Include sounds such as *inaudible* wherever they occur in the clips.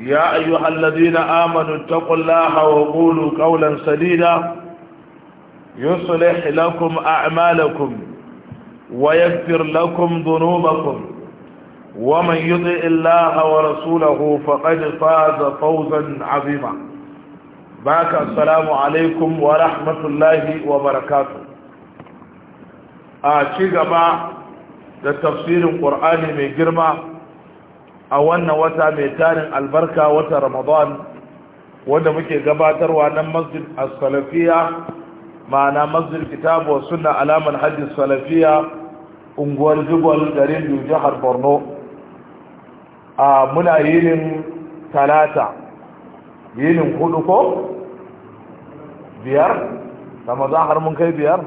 يا أيها الذين آمنوا اتقوا الله وقولوا قولا سديدا يصلح لكم أعمالكم ويغفر لكم ذنوبكم ومن يطع الله ورسوله فقد فاز فوزا عظيما باك السلام عليكم ورحمة الله وبركاته آتي آه، مع تفسير القرآن من جرمه a wannan wata mai tarin albarka wata ramadan wanda muke gabatarwa nan masjid as-salafiya ma'ana masjid kitabu wa sunna alaman hajji salafiya unguwar jubal garin jihar borno a muna yinin talata yinin hudu ko biyar ramadan har mun kai biyar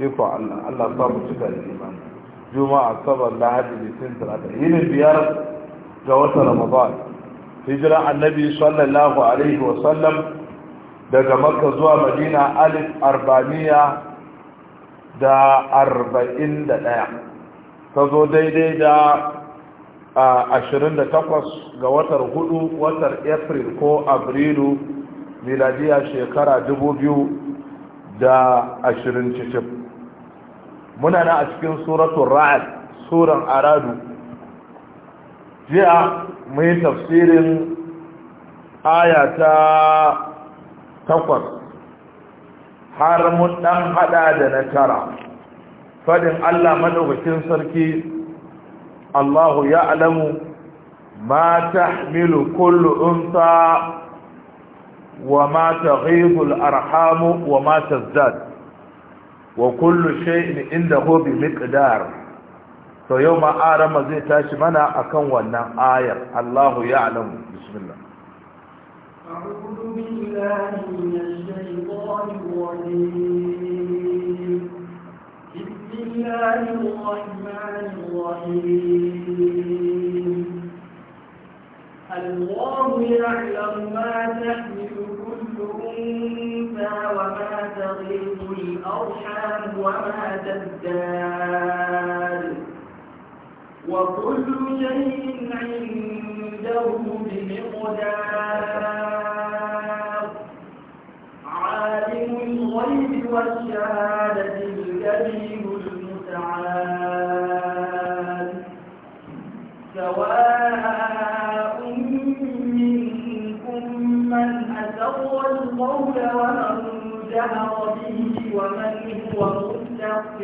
iko allah allah samu cika da imani juma'a sabar lahadi litin talata yinin biyar ga wata ramadan hijira annabi sallallahu alaihi sallam, daga makka zuwa madina alif arba'miya da arba'in da ɗaya ta zo daidai da ashirin da takwas ga watar hudu watar april ko abrilu miladiya shekara dubu biyu da ashirin cikin muna na a cikin suratun ra'ad suran aradu jiya mai tafsirin aya ta takwas har mun dan hada da na tara fadin Allah madaukakin sarki Allahu ya alamu ma tahmilu kullu unsa wa ma taghidu al-arham wa ma tazdad wa kullu shay'in indahu bi miqdar to yau ma arama zai tashi mana akan wannan ayar Allahu ya'lamu bismillah بالله من الشيطان بسم الله الرحمن الرحيم الله يعلم ما تحمل كل أنثى وما تغيظ الأرحام وما تزداد وكل شيء عنده بمقدار عالم الغيب والشهادة الكريم المتعال سواء منكم من أسر القول ومن جهر به ومن هو مستخف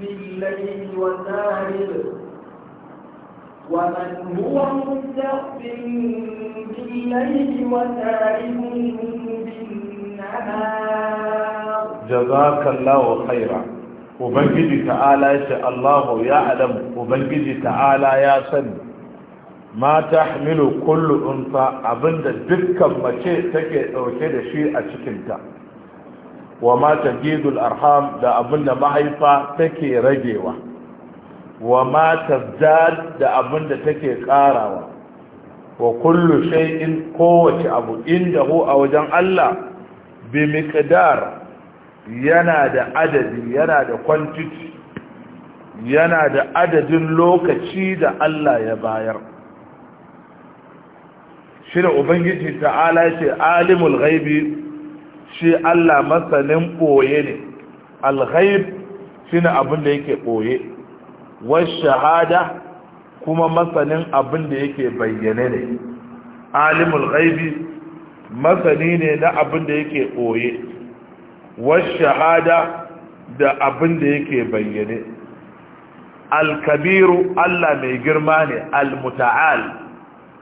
بالليل وسارب جزاك الله خيرا وبنجدي تعالى الله يعلم وبنجدي تعالى يا سن ما تحمل كل انثى ابدا الدكة مكي take dauke da shi a cikinta wa ma tajidul arham da abinda mahaifa take wa ma tazdad da abin da take karawa wa kullu shay'in kowace abu inda hu a wajen Allah bi miqdar yana da adadi yana da quantity yana da adadin lokaci da Allah ya bayar shi da ubangiji ta'ala ce alimul ghaibi shi Allah masanin boye ne al-ghaib shine abin da yake boye shahada kuma masanin abin da yake bayyane ne alimul ghaibi masani ne na abin da yake koye shahada da abin da yake bayyane alkabiru Allah mai girma ne almuta'al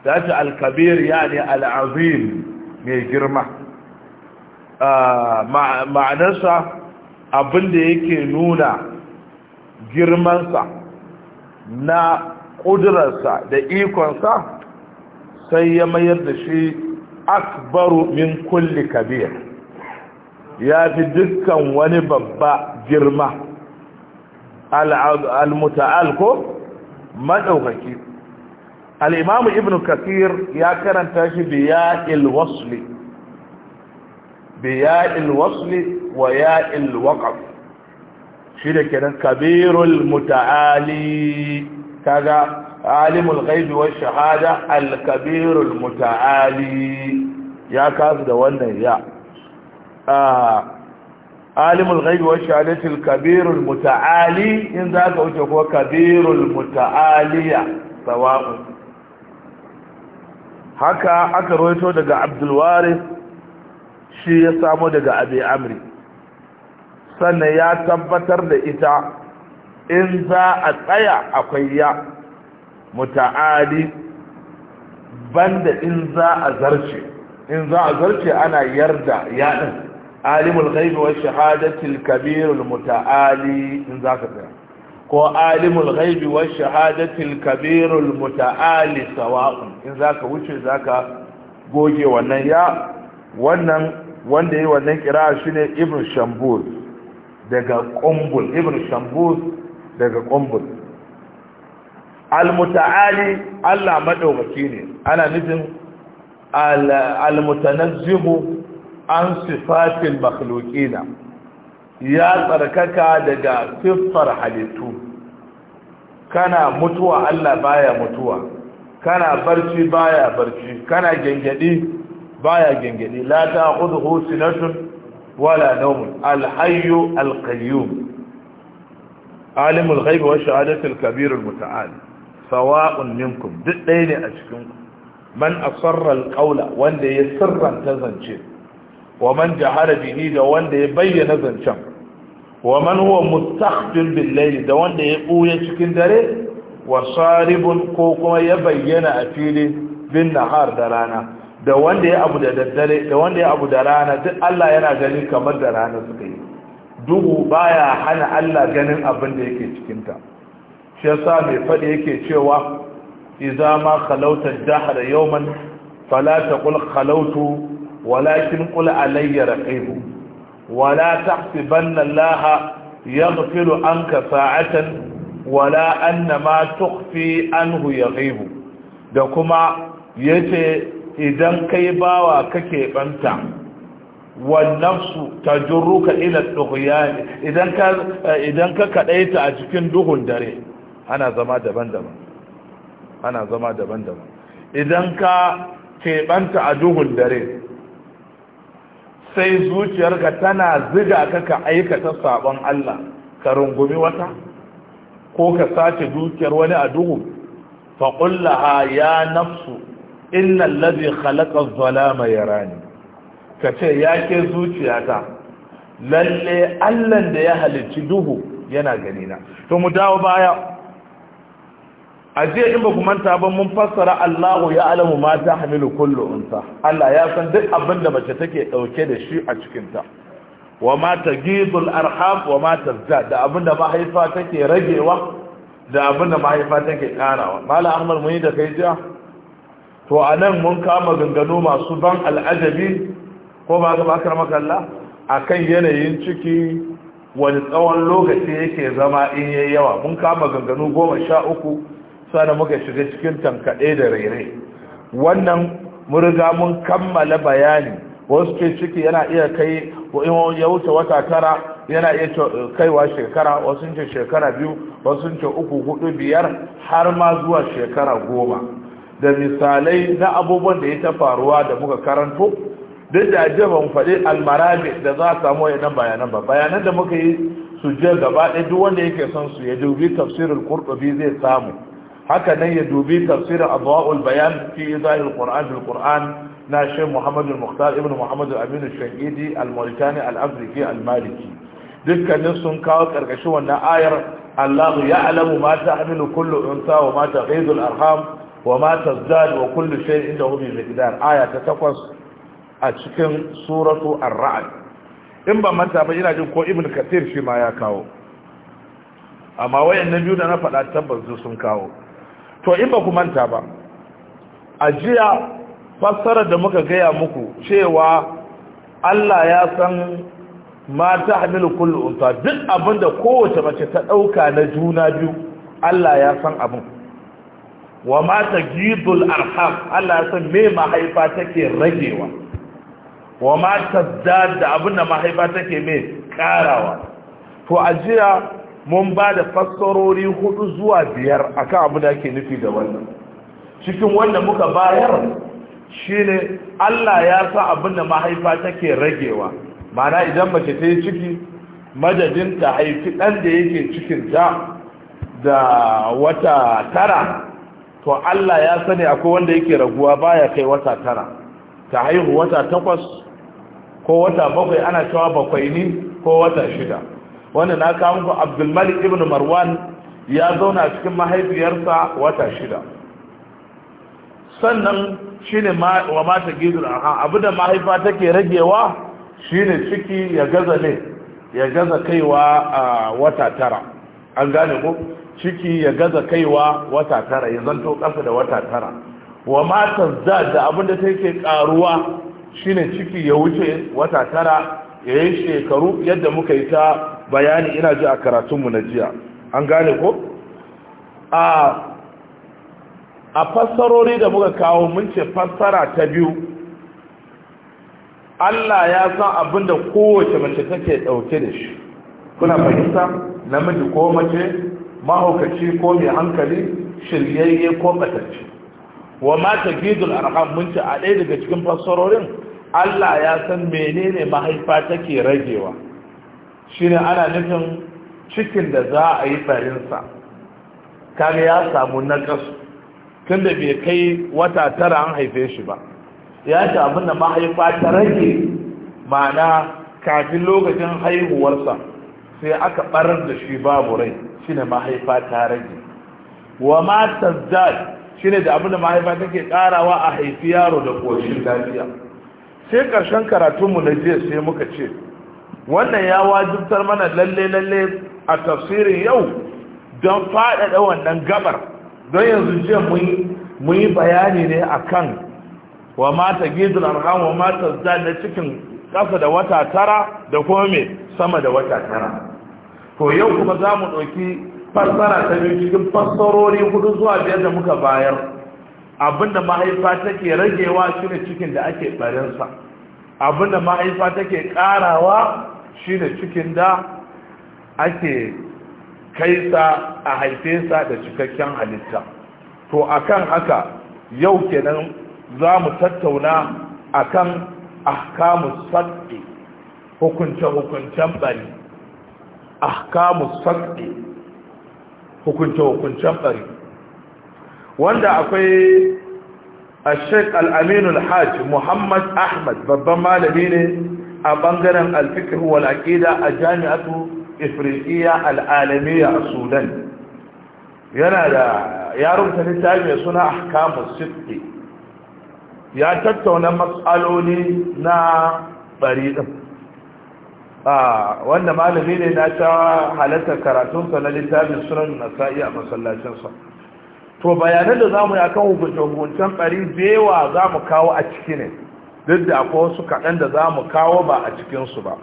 tashi alkabir yani al'azim mai girma ah, ma'anarsa abin da yake nuna girmansa na ƙudurarsa da ikonsa sai ya mayar da shi akbaru min kulli kabir ya fi dukkan wani babba girma al-muta'al ko maɗaukaki al'imamu ibn kafir ya karanta shi biya il-wasli biya il-wasli wa ya il shi da kenan kabirul muta'ali kaga alimul ghaibi wa shahada al kabirul muta'ali ya kasu da wannan ya alimul ghaibi wa shahadati al kabirul muta'ali in za ka wuce ko kabirul muta'aliya sawa'un haka aka roito daga abdul shi ya samo daga abi amri sannan ya tabbatar da ita in za a tsaya akwai ya muta'ali banda in za a zarce in za a zarce ana yarda ya din alimul ghaibi wa shahadatil kabirul muta'ali in za ka tsaya ko alimul ghaibi wa shahadatil kabirul muta'ali sawa'un in za ka wuce za ka goge wannan ya wannan wanda yi wannan kira ne ibn shambul daga ƙumbul ibn shambus daga ƙumbul almuta'ali allah maɗaukaki ne ana nufin almutanazzihu an sifatin makhlukina ya tsarkaka daga siffar halittu kana mutuwa allah baya mutuwa kana barci baya barci kana gengedi baya gengedi la ta khudhu sinatun ولا نوم الحي القيوم عالم الغيب والشهادة الكبير المتعال سواء منكم دقين أشكمكم من أصر القول وان تزن شيء ومن جعل جديد ده وان يبين شم ومن هو مستخف بالليل ده وان يقوي شكين داري وصارب كوكما يبين أفيلي بالنهار درانا da wanda ya abu da daddare da wanda ya abu da rana duk Allah yana gani kamar da rana suka yi duhu baya hana Allah ganin abin da yake cikinta shi yasa mai faɗi yake cewa idza ma khalawta yauman dahr yawman fala taqul khalawtu walakin qul alayya raqib wala tahsibanna Allah yaghfiru anka sa'atan wala anna ma tukhfi anhu yaghib da kuma yace idan kai bawa kake banta nafsu ta ka ila duhuyani idan ka ta a cikin duhun dare ana zama daban-daban ana zama daban-daban idan ka keɓanta a duhun dare sai zuciyarka tana ziga ka ka aikata sabon Allah ka rungumi wata ko ka sace dukiyar wani a duhu faƙullaha ya nafsu innal Ladi khalaqa adh-dhalama yarani kace yake zuciya zuciyata lalle Allah da ya halicci duhu yana ganina. to mu dawo baya aje in ba ku manta ba mun fassara Allahu ya alamu ma ta hamilu kullu unsa Allah ya san duk abin da mace take dauke da shi a cikin ta wa ma tagidul arham wa ma tazda da abin da mahaifa take ragewa da abin da mahaifa take karawa mala ahmad muni da kai jiya to a nan mun kama gangano masu ban al'ajabi ko ba ga bakar makalla a kan yanayin ciki wani tsawon lokaci yake zama in yi yawa mun kama gangano goma sha uku sana muka shiga cikin tankaɗe da rairai wannan murga riga mun kammala bayani wasu ke ciki yana iya kai ya wuce wata tara yana iya kaiwa shekara wasu ce shekara biyu wasu ce uku hudu biyar har ma zuwa shekara goma da misalai na abubuwan da ya ta faruwa da muka karanto duk da ajiye mu faɗi almarami da za a samu waɗannan bayanan ba bayanan da muka yi su je gaba ɗaya duk wanda yake son su ya dubi tafsirin kurɗobi zai samu haka nan ya dubi tafsirin adwa'ul bayan fi izahil qur'an bil qur'an na shi muhammad al-mukhtar ibn muhammad Aminu amin al al-mauritani al-afriki al-maliki dukkanin sun kawo karkashin wannan ayar Allah ya alamu mata Aminu kullum kullu unsa wa mata ta ghaizul arham wa ma tazdadu wa kullu shay'in indahu bi miqdar aya ta takwas a cikin suratu ar-ra'd in ba manta ba ina jin ko ibn kathir shi ma ya kawo amma wayannan biyu da na faɗa tabbas sun kawo to in ba ku manta ba a jiya fassarar da muka gaya muku cewa Allah ya san ma ta hamilu kullu unta duk abinda kowace mace ta ɗauka na juna biyu Allah ya san abin wa ma tajidul arham Allah ya san me mahaifa take ragewa wa ma da abin ma mahaifa take me karawa to ajiya mun ba da fassarori hudu zuwa biyar akan abu da ake nufi da wannan cikin wanda muka bayar shine Allah ya sa abin mahaifa take ragewa mana idan mace ta yi ciki madadin ta haifi ɗan da yake cikin ta da wata tara to Allah ya sani akwai wanda yake raguwa baya kai wata tara ta haihu wata takwas ko wata bakwai ana cewa bakwai ne ko wata shida wanda na kawo muku abdulmalik ibn marwan ya zauna cikin mahaifiyarsa wata shida sannan shine wa mata gizul aha abu da mahaifa take ragewa shine ciki ya gaza ne ya gaza kaiwa ah, wata tara an gane ko ciki ya gaza kaiwa wata tara ya zanto ƙasa da wata tara wa matan za da abin da take karuwa shine ciki ya wuce wata tara ya yi shekaru yadda muka yi ta bayani ina ji a karatunmu na jiya an gane ko a a fassarori da muka kawo mun ce fassara ta biyu Allah ya san abin da kowace mace take ɗauke da shi kuna fahimta namiji ko mace mahaukaci ko mai hankali shiryayye ko batacce wa mata gidul arham mun ci a ɗaya daga cikin fassarorin Allah ya san menene mahaifa take ragewa shine ana nufin cikin da za a yi barinsa kaga ya samu naƙasu tunda bai kai wata tara an haife shi ba ya samu na mahaifa ta rage ma'ana kafin lokacin haihuwarsa sai aka barar da shi babu rai shine mahaifa ta rage wa ma tazdad shine da abin da mahaifa take karawa a haifi yaro da koshin lafiya sai karshen mu na jiya sai muka ce wannan ya wajibtar mana lalle lalle a tafsirin yau don faɗaɗa wannan gabar don yanzu jiya mun yi bayani ne akan wa mata gidul arham wa mata zan na cikin ƙasa da wata tara da kuma mai sama da wata tara to yau kuma za mu ɗauki fassara ta biyu cikin fassarori hudu zuwa biyar da muka bayar abinda mahaifa take ragewa shi da cikin da ake barinsa abinda mahaifa take ƙarawa shi da cikin da ake kaisa a haifesa da cikakken halitta to akan haka yau kenan za mu tattauna akan ahkamu saddi hukunce-hukuncen bari Ahkamu sab'i hukunce hukuncen bari wanda akwai al-sheikh al aminu al-hajj muhammad ahmad babban malami ne a bangaren alfikir walaƙida a jami'atu ifriqiya al-alamiyya a sudan yana da ya rubuta mai suna ahkamu sab'i ya tattauna matsaloli na bari ɗin wanda malami ne na ta halatta sa na littafin sunan nasa'i a masallacinsa to bayanan da zamu yi akan hukunce-hukuncen bari bewa zamu kawo a ciki ne duk da akwai wasu kaɗan da za mu kawo ba a cikinsu ba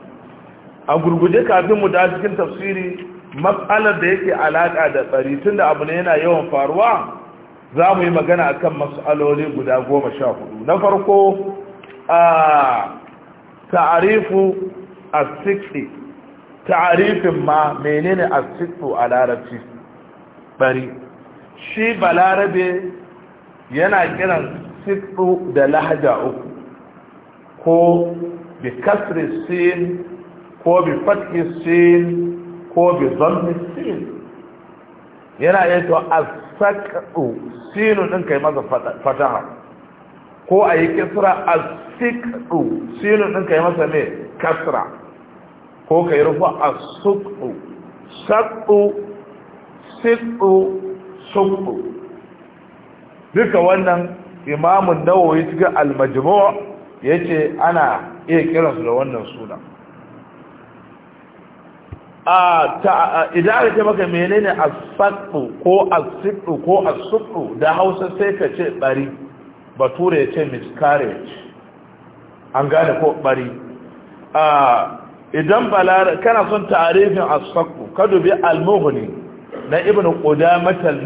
a gurguje kafin mu da cikin tafsiri matsalar da yake alaƙa da ɓari tun da abu ne yana yawan faruwa za mu yi magana akan matsaloli guda goma sha hudu na farko a ta'arifu asiksi tarifin ma menene asiku a larabci bari shi balarabe yana kiran siku da lahaja uku ko bi kasri sin ko bi fatki sin ko bi zammi sin yana yi to sinu din kai masa fataha ko a yi kisra asiku sinu din kai masa ne kasra ko ka yi rufa a suku saku siku suku duka wannan imamun nawawi cikin ya ce ana iya kiransu da wannan suna idan aka ce maka menene asfatu ko a asifu ko a asufu da hausa sai ka ce bari bature ya ce miscarriage an gane ko bari idan balara kana son tarihin asfaku kadu bi al-mughni na ibn qudamah al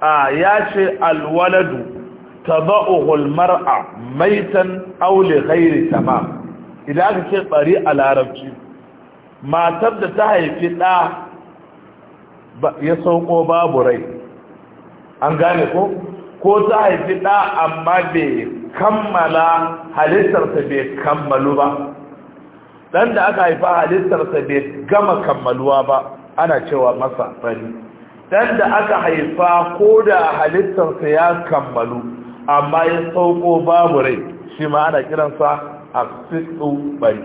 a yace al-waladu tada'uhu al maitan aw li ghairi tamam idan aka ce bari a larabci matar da ta haifi da ya sauko babu rai an gane ko ko ta haifi da amma bai kammala halittarsa bai kammalu ba dan da aka haifa halittarsa bai gama kammaluwa ba ana cewa masa fari dan da aka haifa ko da halittarsa ya kammalu amma ya sauko babu rai shi ma ana kiransa a fitsu bari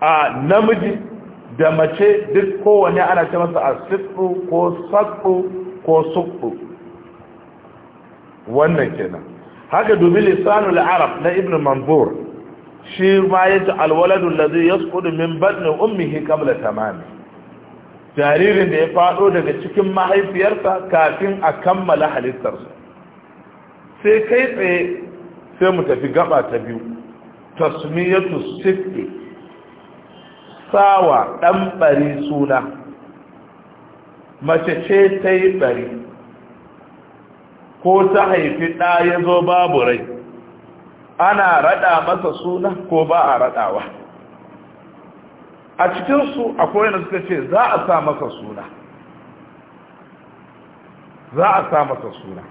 a namiji da mace duk kowane ana ce masa a fitsu ko satsu ko sukku wannan kenan haka dubi lisanul arab na ibn manzur shi ma ce alwaladu ya yasqudu min batni ummihi qabla tamami jaririn da ya faɗo daga cikin mahaifiyarsa kafin a kammala halittarsa sai kai tsaye sai mu tafi gaba ta biyu tasmiyatu sitti sawa dan bari suna mace ce ta yi bari ko ta haifi ɗa ya zo babu rai ana rada masa suna ko ba a radawa a cikinsu akwai wanda suka ce za a sa masa suna za a sa masa suna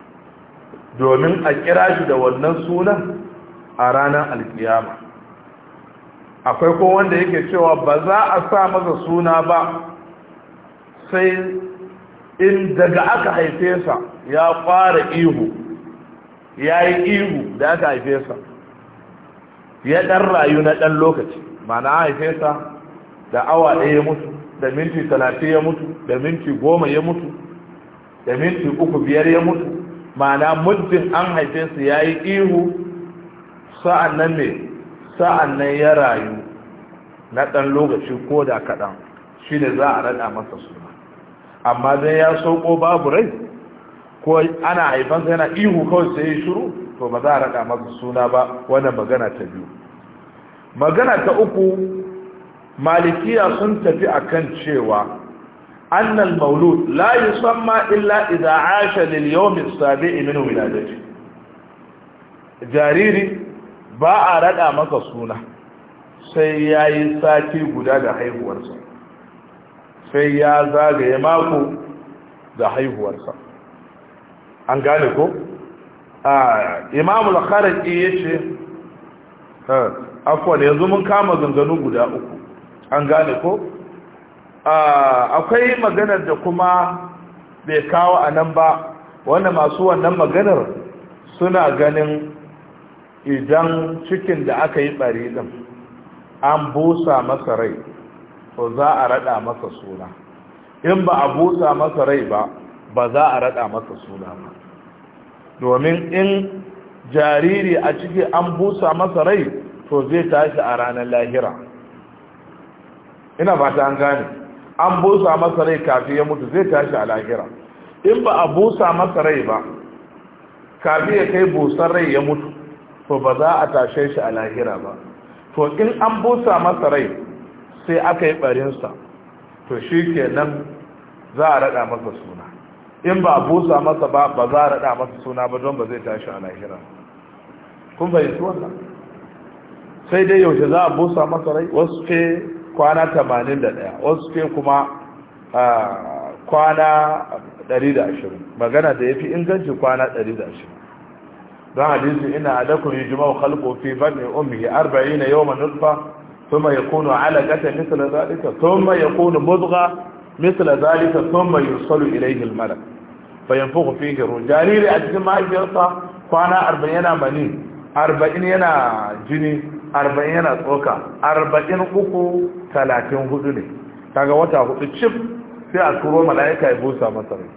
domin a kira shi da wannan sunan a ranar alkiyama akwai ko wanda yake cewa ba za a sa masa suna ba sai in daga aka haife sa ya fara ihu ya yi ihu da aka haife sa ya dan rayu na dan lokaci mana haife sa da awa ɗaya ya mutu da minti talatin ya mutu da minti goma ya mutu da minti uku biyar ya mutu mana muddin an haife su ya yi ihu sa'an nan ne sa'an nan ya rayu na ɗan lokaci ko da kaɗan shi ne za a raɗa masa suna amma zai ya sauko babu rai ko ana haifansa yana ihu kawai sai ya shiru. to ba za a raɗa masa suna ba wannan magana ta biyu magana ta uku malikiya sun tafi akan cewa annal maulud la samma illa ida asha lil yawm as-sabi'i min jariri ba a raɗa masa suna sai ya yi sati guda da haihuwarsa sai ya zagaye mako da haihuwarsa an gane ko Imamul al yace afwan yanzu mun kama ganganu guda uku an gane ko akwai maganar da kuma bai kawo a nan ba wanda masu wannan maganar suna ganin idan cikin da aka yi bari din an busa masa rai to za a rada masa suna in ba a busa masa rai ba ba za a rada masa suna ba domin in jariri a ciki an busa masa rai to zai tashi a ranar lahira ina fata an gane an busa masa rai kafin ya mutu zai tashi a lahira in ba a busa masa rai ba kafin ya kai busar rai ya mutu to ba za a tashe shi a lahira ba to in an busa masa rai sai aka yi barinsa to shi kenan za a raɗa masa suna in ba busa masa ba ba za a raɗa masa suna ba don ba zai tashi a lahira kun bai su wannan sai dai yaushe za a busa masa rai wasu ke kwana 81 wasu ke kuma kwana 120 magana da ya fi inganci kwana 120 don hadisi ina adakun yi jima'u halko fi bane umihi 40 yau manutfa ثم يكون علقة مثل ذلك ya kunu مضغة مثل ذلك ثم يرسل إليه الملك فينفخ فيه الروح جاريري a cikin mahaifiyarsa kwana arba'in yana mani arba'in yana jini arba'in yana tsoka arba'in uku talatin hudu ne kaga wata hudu cif sai a turo mala'ika ya busa masa rai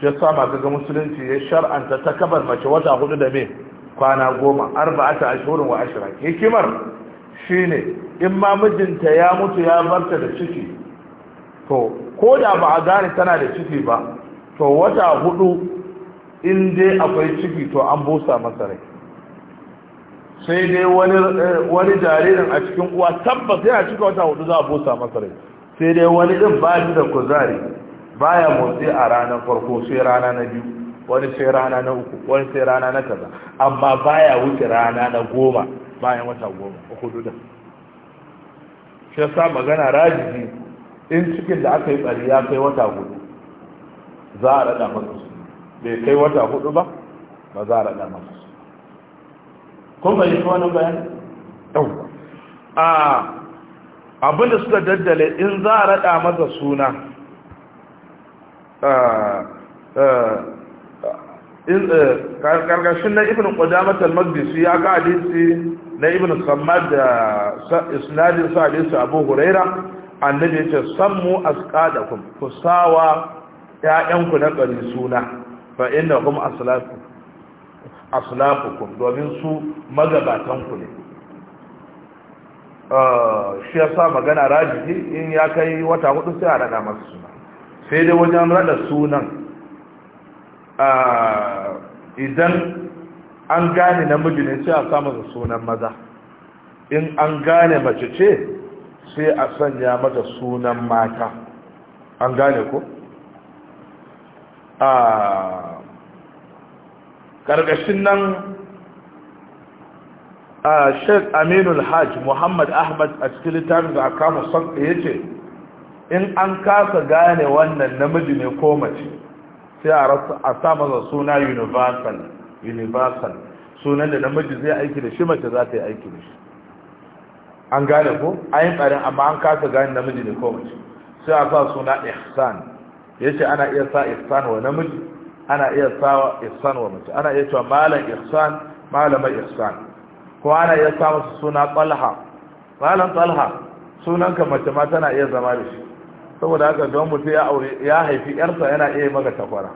shi yasa ma kaga musulunci ya shar'anta ta kabar mace wata hudu da me kwana goma arba'ata ashhurin wa ashra hikimar shine in ma mijinta ya mutu ya barta da ciki to ko da ba a gane tana da ciki ba to wata hudu in dai akwai ciki to an busa masa rai sai dai wani eh, jaririn a cikin uwa tabbas yana cika wata hudu za a busa masa rai sai dai wani din ba shi da kuzari baya motsi a ranar farko sai rana na biyu wani sai rana na uku wani sai rana na kaza amma baya wuce rana na goma bayan wata goma hudu da shi yasa magana rajiji in cikin da aka yi bari ya kai wata hudu za a rada masa bai kai wata hudu ba ba za a rada masa kuma yi bai shi wani bayan? a abinda suka daddale in za a rada masa suna karkashin na ibn ƙudamatar al ya ga hadisi na ibn sammad da isnadin sa hadisi abu huraira annabi ya ce sammu asqadakum ku sawa ƴaƴanku na ƙari suna fa hum aslafu aslafukum domin su magabatan ku ne ah, shi ya sa magana rajihi in ya kai wata hudu sai a rada masa suna sai dai wajen rada sunan ah, idan an gane namiji ne sai a sa masa sunan maza in an gane mace ce sai a sanya mata sunan mata an gane ko a ƙarƙashin nan a shek aminul hajj muhammad ahmad a cikin littafin da aka musamman ya ce in an kasa gane wannan namiji ne ko mace sai a sa suna universal universal sunan da namiji zai aiki da shi mace za ta yi aiki da shi an gane ko ayin tsarin amma an kasa gane namiji ne ko mace sai a sa suna ihsan yace ana iya sa ihsan wa namiji ana iya sa ihsan wa mace ana iya cewa malam ihsan malama ihsan ko ana iya sa masa suna talha malam talha sunan ka mace ma tana iya zama da shi saboda haka don mutum ya aure ya haifi yarsa yana iya maka takwara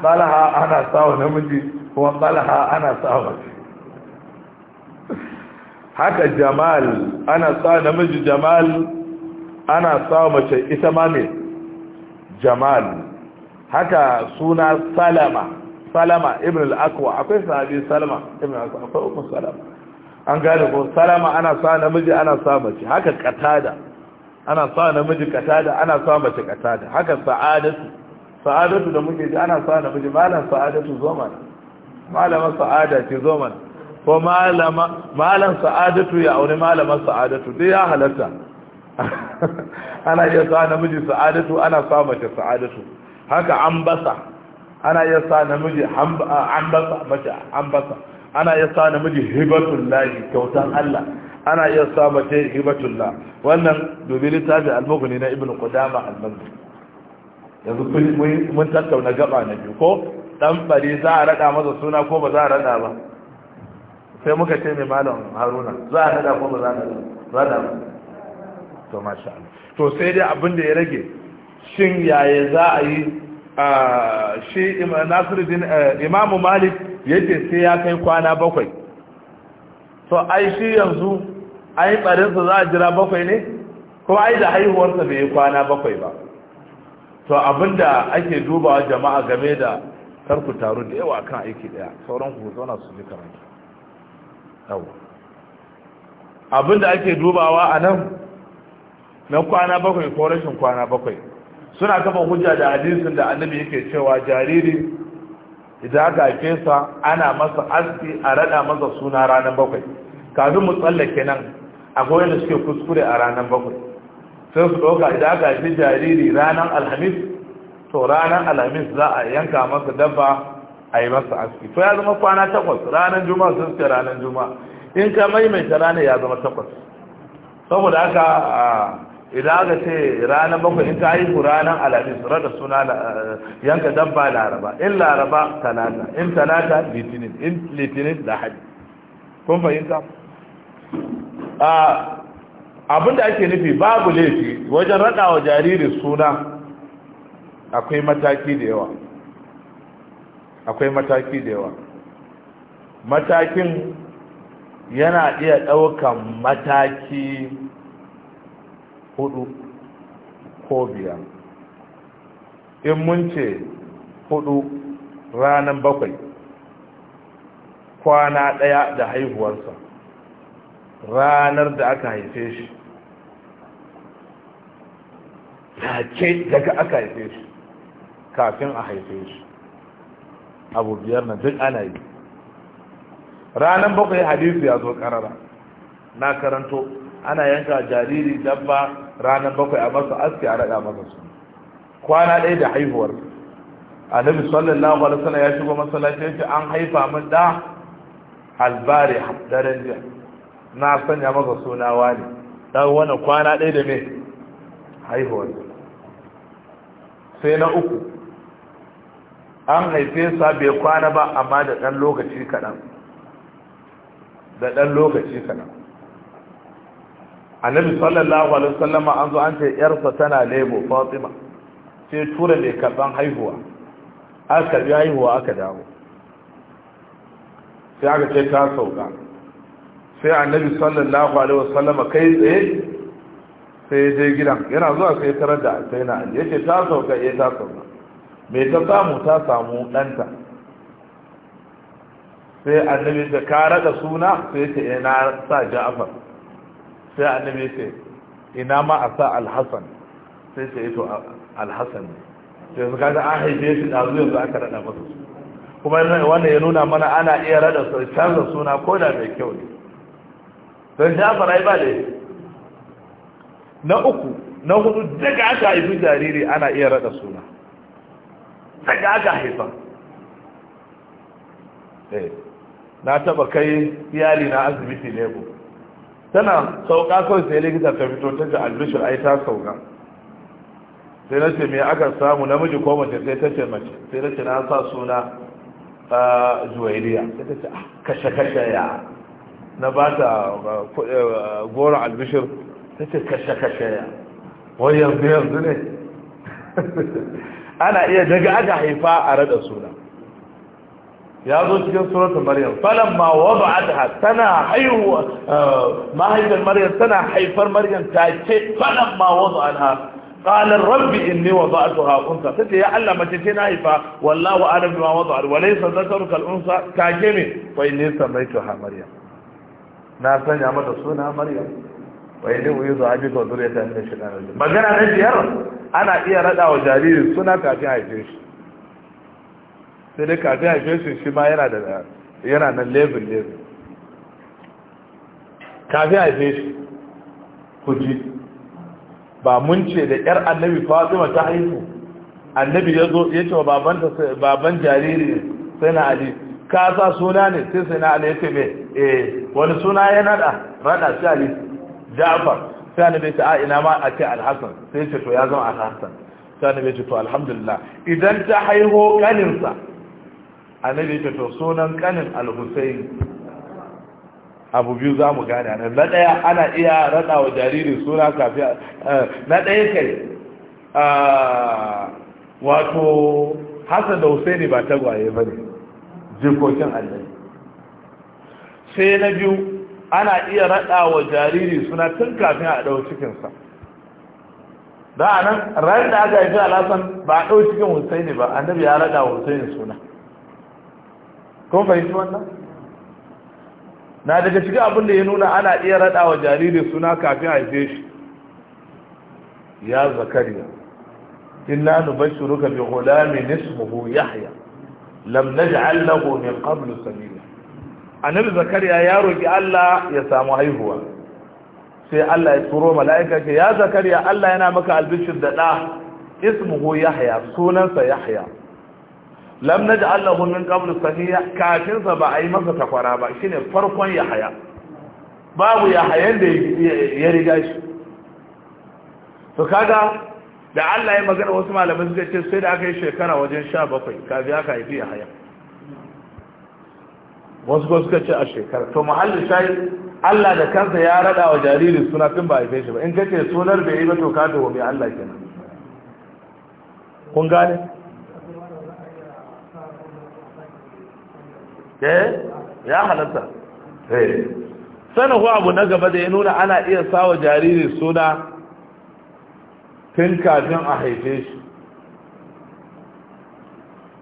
talha ana sa wa namiji kuma talha ana sa wa mace haka jamal ana sa namiji jamal ana sa mace ita ma ne jamal haka suna salama salama ibn al aqwa akwai sahabi salama ibn al aqwa akwai salama an gane ko salama ana sa namiji ana sa mace haka katada ana sa namiji katada ana sa mace katada haka sa'adatu sa'adatu da muke ji ana sa namiji malam sa'adatu zo malama sa'ada ce zo ko malam sa'adatu ya auri malamar sa'adatu dai ya halatta ana iya sa namiji sa'adatu ana sa mace sa'adatu haka an ana iya sa namiji an mace an ana iya sa namiji hibatullahi kyautan Allah ana iya sa mace hibatullah wannan dubi littafi al-mughni na ibnu qudama al-manzi yanzu mun tattauna gaba na biyu ko dan bari za a rada masa suna ko ba za a rada ba sai muka ce mai malam haruna za a nada ko ba za a nada za a to masha Allah to sai dai abin da ya rage shin yaya za a yi shi nasiruddin eh, imam malik yace sai ya kai kwana bakwai to ai shi yanzu ai barinsa za a jira bakwai ne ko ai da haihuwarsa bai yi kwana bakwai ba to abinda ake dubawa jama'a game da karku taru da yawa kan aiki daya sauran ku zauna su ji karanta abin da ake dubawa a nan na kwana bakwai ko rashin kwana bakwai suna kafa hujja da hadisin da annabi yake cewa jariri idan aka haife sa ana masa aski a rada masa suna ranar bakwai kafin mu tsallake nan akwai wanda suke kuskure a ranar bakwai sai su ɗauka idan aka haifi jariri ranar alhamis to ranar alhamis za a yanka masa dabba a yi masa aski to ya zama kwana takwas ranar juma'a sun suke ranar juma'a in ka maimaita ranar ya zama takwas saboda haka idan aka ce ranar bakwai in ka yi ku ranar alhamis rada suna yanka dabba laraba in laraba talata in talata litinin in litinin lahadi kun fahimta abinda ake nufi babu laifi wajen rada wa jariri suna akwai mataki da yawa akwai mataki da yawa matakin yana iya ɗaukan mataki hudu ko biyar in mun ce hudu ranar bakwai kwana ɗaya da haihuwarsa ranar da aka haife shi take daga aka haife shi kafin a haife shi abu biyar nan duk ana yi ranar bakwai hadisi ya zo karara na karanto ana yanka jariri dabba ranar bakwai a masa aski a raɗa masa su kwana ɗaya da haihuwar nabi sallallahu alaihi wasallam ya shigo masallaci ce an haifa min da albari daren jiya na sanya masa suna wani dan wani kwana ɗaya da me haihuwar sai na uku an haife sa bai kwana ba amma da ɗan lokaci kaɗan da ɗan lokaci kaɗan annabi sallallahu alaihi wasallama an zo an ce yarsa tana lebo fatima sai tura mai karban haihuwa aka bi haihuwa aka dawo sai aka ce ta sauka sai annabi sallallahu alaihi wasallama kai tsaye sai ya je gidan yana zuwa sai tarar da sai na ya ce ta sauka ya eh, ta sauka mai ta samu ta samu ɗanta sai annabi ta ka raɗa suna sai ta ina eh, sa ja'afar sai annabi ta ina ma a sa alhassan sai ta yi eh, to alhassan ne sai su kaga an haife shi ɗazu yanzu aka raɗa masu kuma wannan ya nuna mana ana iya raɗa canza suna ko da mai kyau ne don ja'afar ai ba da na uku na hudu daga aka haifi jariri ana iya raɗa suna daga aka haifa eh, na taba kai iyali na asibiti lebo tana sauka kawai sai likita ta fito ta ji albishir ai ta sauka sai na ce me aka samu namiji ko mace sai ta ce mace sai na ce na sa suna juwairiya sai ta ce ah, kashe kashe ya na ba ta eh, goro albishir ta ce kashe kashe ya wai yanzu yanzu ne *laughs* ana iya daga aka haifa a rada suna ya zo cikin suratul maryam falamma wada'atha tana haihuwa eh, mahaifin maryam tana haifar maryam ta ce falamma wada'atha qala rabbi inni wada'tuha unsa tace ya Allah mace ce na haifa wallahu a'lam ma wada'at wa wale dhakaru kal unsa ta ce me fa inni samaituha maryam na sanya mata suna maryam wai din uyu zo abi ko zuriya ta ne shi kana magana na biyar ana iya rada wa jariri suna kafin haife shi sai dai kafin haife shi shi ma yana da yana nan level level kafin haife shi ku ji ba mun ce da yar annabi fatima ta haihu annabi ya zo ya ce wa baban jariri sai na ali ka sa suna ne sai sai na ali ya ce mai eh wani suna ya nada rada shi ali ja'far sai annabi ya ce a ina ma a ce al-hasan sai ce to ya zama al-hasan sai annabi ya ce to alhamdulillah idan ta haiho sa annabi ce to sunan kanin al-husayn abu biyu za mu gane nan na ɗaya ana iya raɗa wa jariri suna kafi eh, na ɗaya kai eh, wato hassan da husaini ba tagwaye ba ne jikokin allai sai na biyu ana iya rada wa jariri suna tun kafin a ɗau cikinsa da anan, nan ranar da aka yi alasan ba a ɗau cikin husaini ba annabi ya raɗa wa husaini suna ko fahimci wannan na daga cikin abin da ya nuna ana iya rada wa jariri suna kafin a haife shi ya zakariya inna nubashshiruka bi ghulamin ismuhu yahya lam naj'al lahu min qablu sabil annabi zakariya ya roki Allah ya samu haihuwa sai Allah ya turo mala'ika ce ya zakariya Allah yana maka albishir da ɗa ismuhu yahya sunansa yahya lam Allah lahu min qabl sahiya kafin sa ba masa takwara ba shine farkon yahya babu yahayan da ya riga shi to kaga da Allah ya magana wasu malamai suka ce sai da aka yi shekara wajen sha bakwai kafin aka haifi yahaya. wasu ko suka ce a shekara to mahallin shayi Allah da kansa ya rada wa jariri suna tun ba haife shi ba in ce sunar bai yi ba to ka dawo mai Allah kenan kun gane eh, ya halatta he eh. sanin ko abu na gaba da ya nuna ana iya sawa jariri suna tun kafin a haife shi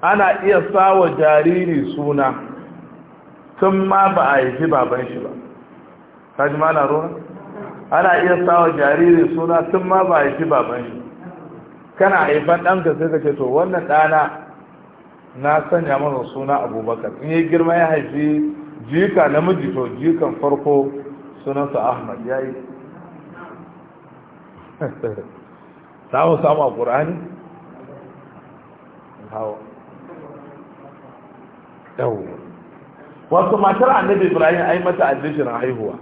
ana iya sawa jariri suna tun ma ba a yi baban shi ba kaji ma na ruwa ana iya sawa jariri suna tun ma ba a yi baban shi kana haifan ɗanka sai ka ce to wannan ɗana na sanya mana suna abubakar in yi girma ya haifi jika namiji to jikan farko sunansa ahmad ya yi *laughs* mu samu a ƙur'ani? hawa yawon wato matar annabi ibrahim ai mata addishin haihuwa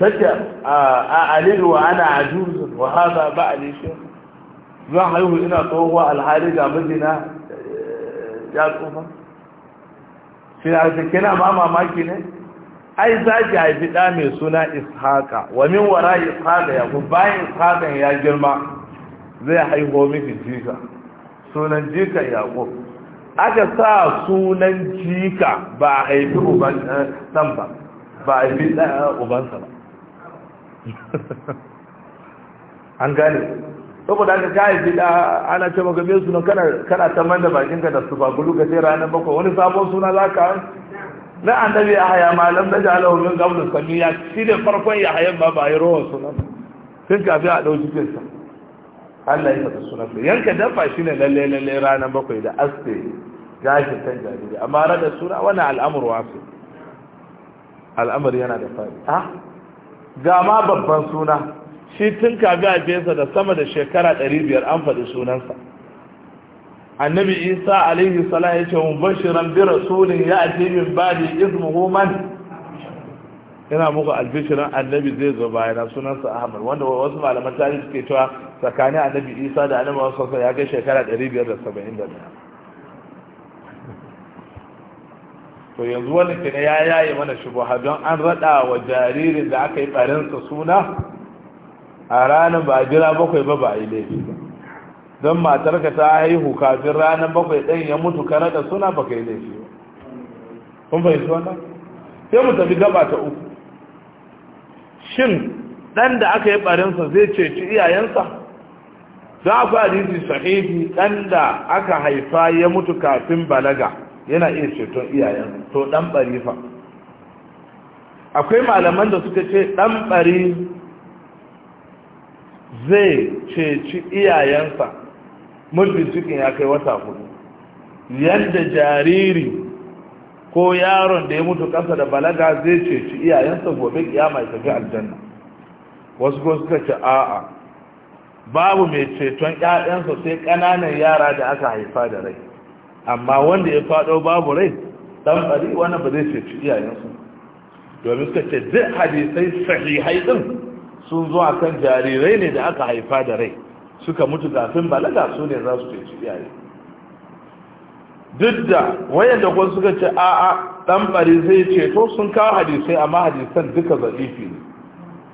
sace a alidu wa ana ajuz wa hada ba alishin zan haihu ina tsohuwa alhali ga mijina ya tsufa shi na kina ma mamaki ne ai za ki haifi ɗa mai suna ishaqa wa min wara ishaqa ya ku bayan ishaqan ya girma zai haihuwa miki jika sunan jika yaqub aka sa sunan jika ba a haifi uban eh, ɗan ba ba a haifi eh, ubansa ba *laughs* an gane saboda aka ka haifi da ana ce maka mai sunan kana ta manda ka da su sufagulu ka sai ranar bakwai wani sabon suna za ka na an dabi a haya malam na ala hulun gabin sami ya shi da farkon ya hayan ba ba yi rowan sunan sun kafi a ɗau jikinsa Allah ya suna sunan yanka dafa shi ne lalle lalle ranar bakwai da aste gashin kan jariri amma rada suna wani al'amur wasu al'amur yana da fari. ah ga ma babban suna shi tun kafi haifinsa da sama da shekara 500 biyar an faɗi sunansa annabi isa alaihi salam ya ce mubashiran bi rasulin ya ati min ba'di ismuhu man ina muku albishirin annabi zai zo bayana sunansa ahmad wanda wasu malaman tarihi suke cewa tsakanin annabi isa da annabi wasu ya ga shekara 570 biyar da saba'in da to yanzu wani kina ya yaye mana shubuha don an rada wa jaririn da aka yi barinsa suna a ranar ba jira bakwai ba ba a yi laifi ba don matarka ta haihu kafin ranar bakwai ɗan ya mutu ka rada suna ba ka yi laifi ba kun fahimci wannan sai mu tafi gaba ta uku shin ɗan da aka yi barinsa zai ceci iyayensa za a hadisi sahihi ɗan da aka haifa ya mutu kafin balaga yana iya ceton iyayen to dan bari fa akwai malaman da suka ce dan bari zai ceci iyayensa muddin cikin ya kai wata hudu yadda jariri ko yaron da ya mutu kasa da balaga zai ceci iyayensa gobe kiyama ya tafi aljanna wasu ko suka ce a'a babu mai ceton 'ya'yansa sai ƙananan yara da aka haifa da rai amma wanda ya faɗo babu rai dan bari wani ba zai ceci su domin suka ce duk hadisai sahihai din sun zo kan jarirai ne da aka haifa da rai suka mutu kafin balaga su ne za su ceci iyaye duk da wayanda kuma suka ce a'a dan bari zai ceto sun kawo hadisai amma hadisan duka zalifi ne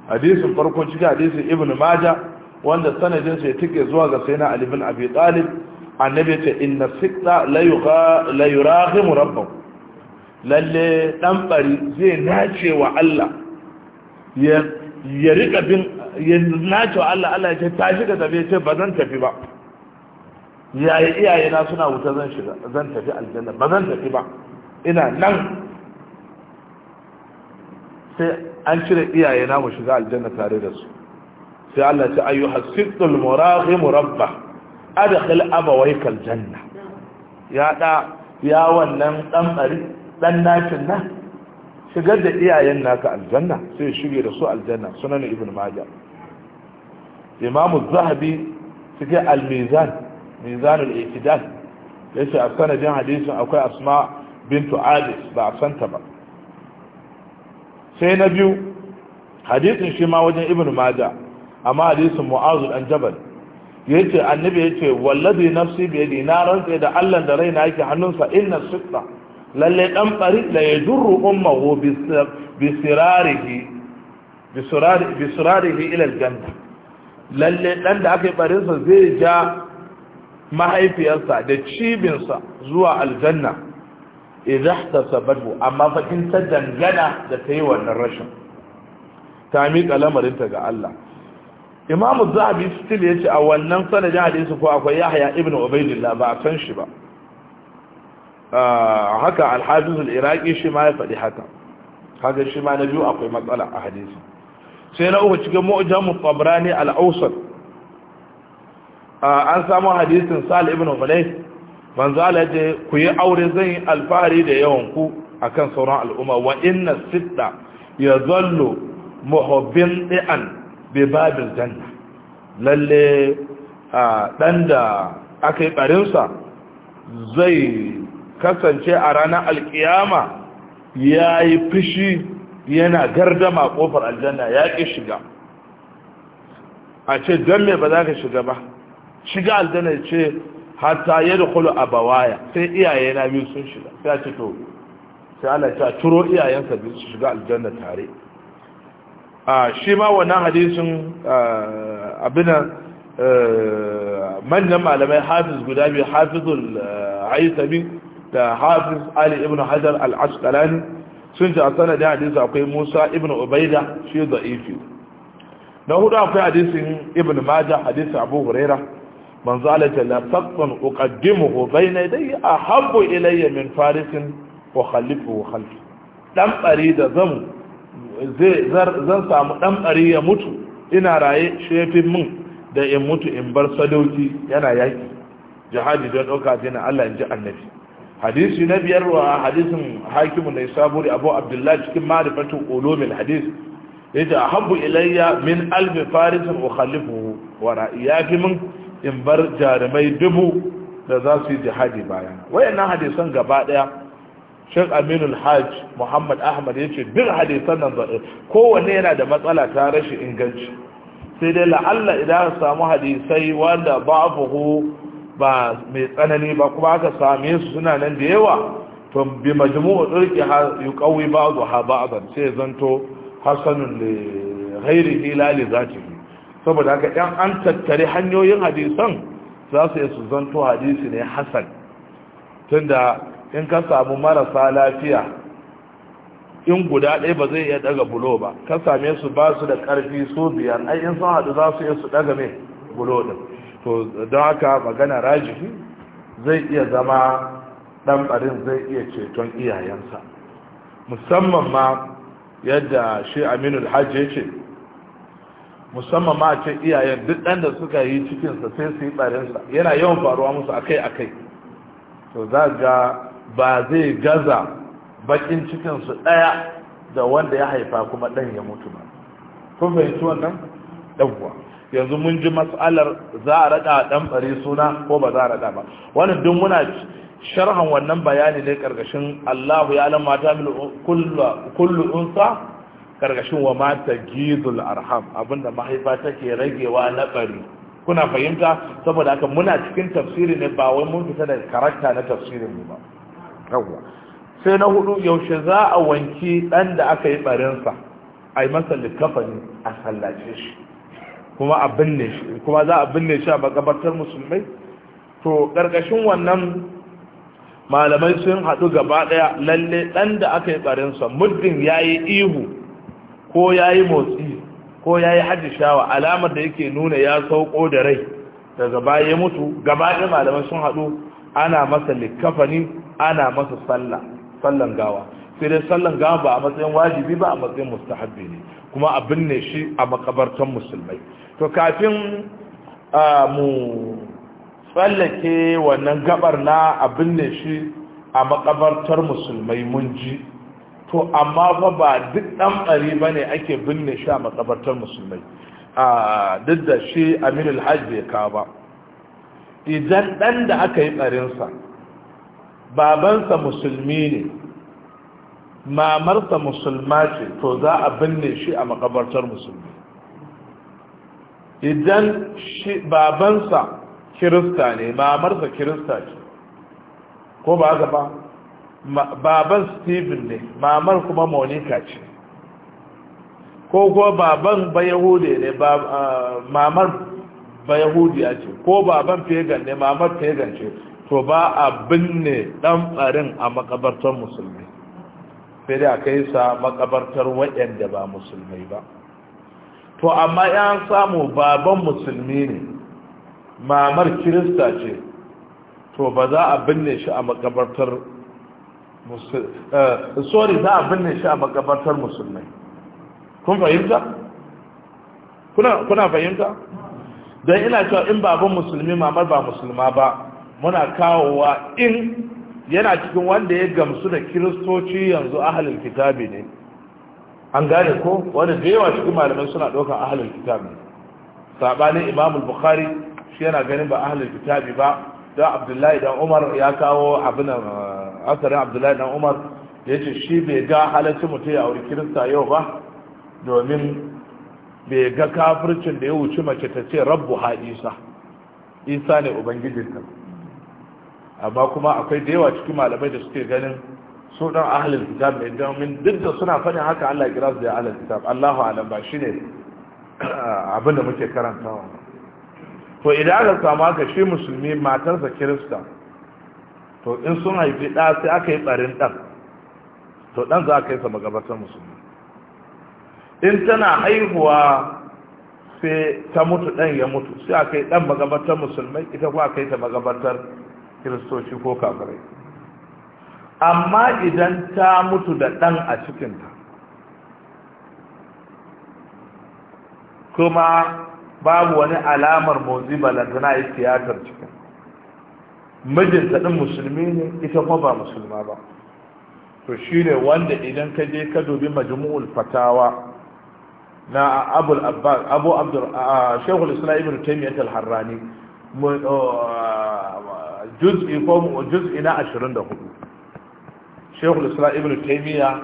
hadisin farko ciki hadisin ibn maja wanda sanadin sai ya tike zuwa ga sayyidina ali bin abi talib annabi ce inna sitta la yuraghimu rabbahu lalle dan bari zai nace wa Allah ya ya rika bin ya nace wa Allah Allah ya ce tashi ka tafi ce ba zan tafi ba yayi iyaye na suna wuta zan shiga zan tafi aljanna ba zan tafi ba ina nan sai an cire iyaye na mu shiga aljanna tare da su sai Allah ya ce ayyuhas sittul muraghim rabbah adkhil abawayka aljanna ya da ya wannan dan bari dan nakin nan shigar da iyayen naka aljanna sai shige da su aljanna sunanin ibn majah imamu zahabi suke almizan mizan mizan ya itidal yace a sanadin hadisin akwai asma bintu adis ba a santa ba sai na biyu hadisin shi ma wajen ibn maja amma hadisin mu'azul an jabal yace annabi yace wallazi nafsi bi yadi na rantsa da Allah da raina yake hannunsa inna sitta lalle dan bari la yajurru ummuhu bi sirarihi bi sirari bi sirarihi ila aljanna lalle dan da aka barinsa sa zai ja mahaifiyarsa da cibinsa zuwa aljanna idza ihtasabatu amma fa in ta dangana da tayi wannan rashin ta miƙa lamarinta ga Allah imam zahabi still ya ce a wannan sanadin hadisi ko akwai yahya ibn ubaydillah ba san shi ba ah, haka alhafiz al-iraqi shi ma ya faɗi haka haka shi ma na biyu akwai matsala a hadisi sai na uku cikin mu'jamu tabrani al-awsat ah, an samu hadisin sal ibn hulay manzo Allah ku yi aure zan yi alfahari da yawan ku akan sauran al'umma wa inna sitta yadhallu muhabbin di'an be babil janna lalle dan da aka yi ɓarinsa zai kasance a ranar alkiyama ya yi fushi yana gardama ƙofar aljanna ya ƙi shiga a ce don me ba za ka shiga ba shiga aljanna ce hatta ya rikulu a bawaya sai iyaye na biyu sun shiga sai a ce to sai ala ce a turo iyayensa biyu su shiga aljanna tare A shi ma wannan hadisin abinan manyan malamai hafiz guda biyu hafizul aisami da hafiz ali ibn hajar al-asqalani sun ce a sanadin hadisi akwai musa ibn ubaida shi da ifi na hudu akwai hadisin ibn maja hadisin abu huraira man zalata la taqan uqaddimuhu bayna yadayya ahabbu ilayya min farisin wa khalifu khalfi dan bari da zamu zan samu ɗan ɓari ya mutu ina raye shefin min da in mutu in bar sadauki yana yaki jihadi don ɗauka dina Allah in ji annabi hadisi na biyar wa hadisin hakimu na saburi abu abdullahi cikin marifatu Ulumin hadis yace ahabbu ilayya min alfi farisin ukhalifu wa ra'iya fi min in bar jarumai dubu da za su jihadi bayan wayannan hadisan gaba daya shek aminul hajj muhammad ahmad ya ce bin hadisan nan zaɗe kowanne yana da matsala ta rashin inganci sai dai la'alla idan aka samu hadisai wanda babu ba mai tsanani ba kuma aka same su suna nan da yawa to bi majmu'u dirki ha yuqawi ba'd ha ba'd sai zanto hasanun li ghairi hilali zatihi saboda haka ɗan an tattare hanyoyin hadisan za su yi su zanto hadisi ne hasan tunda in ka samu marasa lafiya in guda ɗaya ba zai iya daga bulo ba ka same su ba su da ƙarfi su biyar ai in sun haɗu za su iya su daga mai bulo ɗin to don haka magana rajihi zai iya zama ɗan ɓarin zai iya ceton iyayensa musamman ma yadda shi aminu hajji ya ce musamman ma ce iyayen duk ɗan da suka yi cikinsa sai su yi ɓarinsa yana yawan faruwa musu akai akai to za ga ba zai gaza bakin cikinsu ɗaya da wanda ya haifa kuma ɗan ya mutu ba kun fahimci wannan ɗauwa yanzu mun ji matsalar za a raɗa ɗan ɓari suna ko ba za a raɗa ba wannan duk muna sharhan wannan bayani ne ƙarƙashin Allahu ya alam mata mil kullu unsa Ƙarƙashin wa mata gizul arham abinda mahaifa take ragewa na ɓari kuna fahimta saboda haka muna cikin tafsiri ne ba wai mun fita da karakta na tafsirin mu ba yawwa sai na hudu yaushe za a wanki dan da aka yi barinsa a yi masa littafani a sallace shi kuma a binne shi kuma za a binne shi a makabartar musulmai to karkashin wannan malamai sun haɗu gaba ɗaya lalle ɗan da aka yi barinsa muddin ya yi ihu ko ya yi motsi ko ya yi shawa alamar da yake nuna ya sauko da rai daga baya ya mutu gaba ɗaya malamai sun haɗu ana masa likafani ana masa sallah sallan gawa sai dai sallan gawa ba a matsayin wajibi ba a matsayin mustahabbi ne kuma a binne shi a makabartan musulmai to kafin mu tsallake wannan gabar na a binne shi a makabartar musulmai mun ji to amma fa ba duk dan bari bane ake binne shi a makabartar musulmai a duk da shi amirul hajj ya kawo ba idan dan da aka yi sa babansa musulmi ne mamarsa musulma ce to za a binne shi a makabartar musulmi idan babansa kirista ne mamarsa kirista ce ko ba haka ba baban steven ne mamar kuma monica ce ko ko baban bayahudi ne ah, mamar bayahudiya ce ko baban pagan ne mamar pagan ce to ba a binne ɗanɓarin a makabartar musulmi sai da kai sa makabartar waɗanda ba musulmai ba to amma yan samu baban musulmi ne mamar kirista ce to ba za a binne shi a makabartar eh, sorry za a binne shi a makabartar musulmai kun fahimta? kuna fahimta? don ina cewa in baban musulmi mamar ba musulma ba muna kawowa in yana cikin wanda ya gamsu da kiristoci yanzu ahalin kitabi ne an gane ko wanda da yawa cikin malamai suna ɗaukar ahalin kitabi saɓanin imamul bukhari shi yana ganin ba ahalin kitabi ba don abdullahi dan umar ya kawo abin eh, asarin abdullahi dan umar ya ce shi bai ga halarci mutu ya auri kirista yau ba domin bai ga kafircin da ya wuce mace ta ce rabbu ha isa isa ne ubangijinta amma kuma akwai da yawa cikin malamai da suke ganin su dan ahlul kitab ne domin duk da suna fadin haka Allah ya kira su da ahlul kitab Allahu alam ba shine *clears throat* abin da muke karantawa to idan aka samu haka shi musulmi matar sa kirista to in sun haifi da sai aka yi ɓarin dan to dan za ka kai sa magabatar musulmi in tana haihuwa sai ta mutu dan ya mutu sai aka yi dan magabatar musulmai ita kuwa kai ta magabatar kiristoci ko kafirai amma idan ta mutu da ɗan a cikinta kuma babu wani alamar motsi na yi tiyatar cikin mijinta ɗin musulmi ne ita kuma ba musulma ba to shi ne wanda idan ka je ka dubi majmu'ul fatawa na abu abdul shekul islam ibn taymiyyah al-harrani uh, juz'i ko juz'i na 24 Sheikhul Islam Ibn Taymiyyah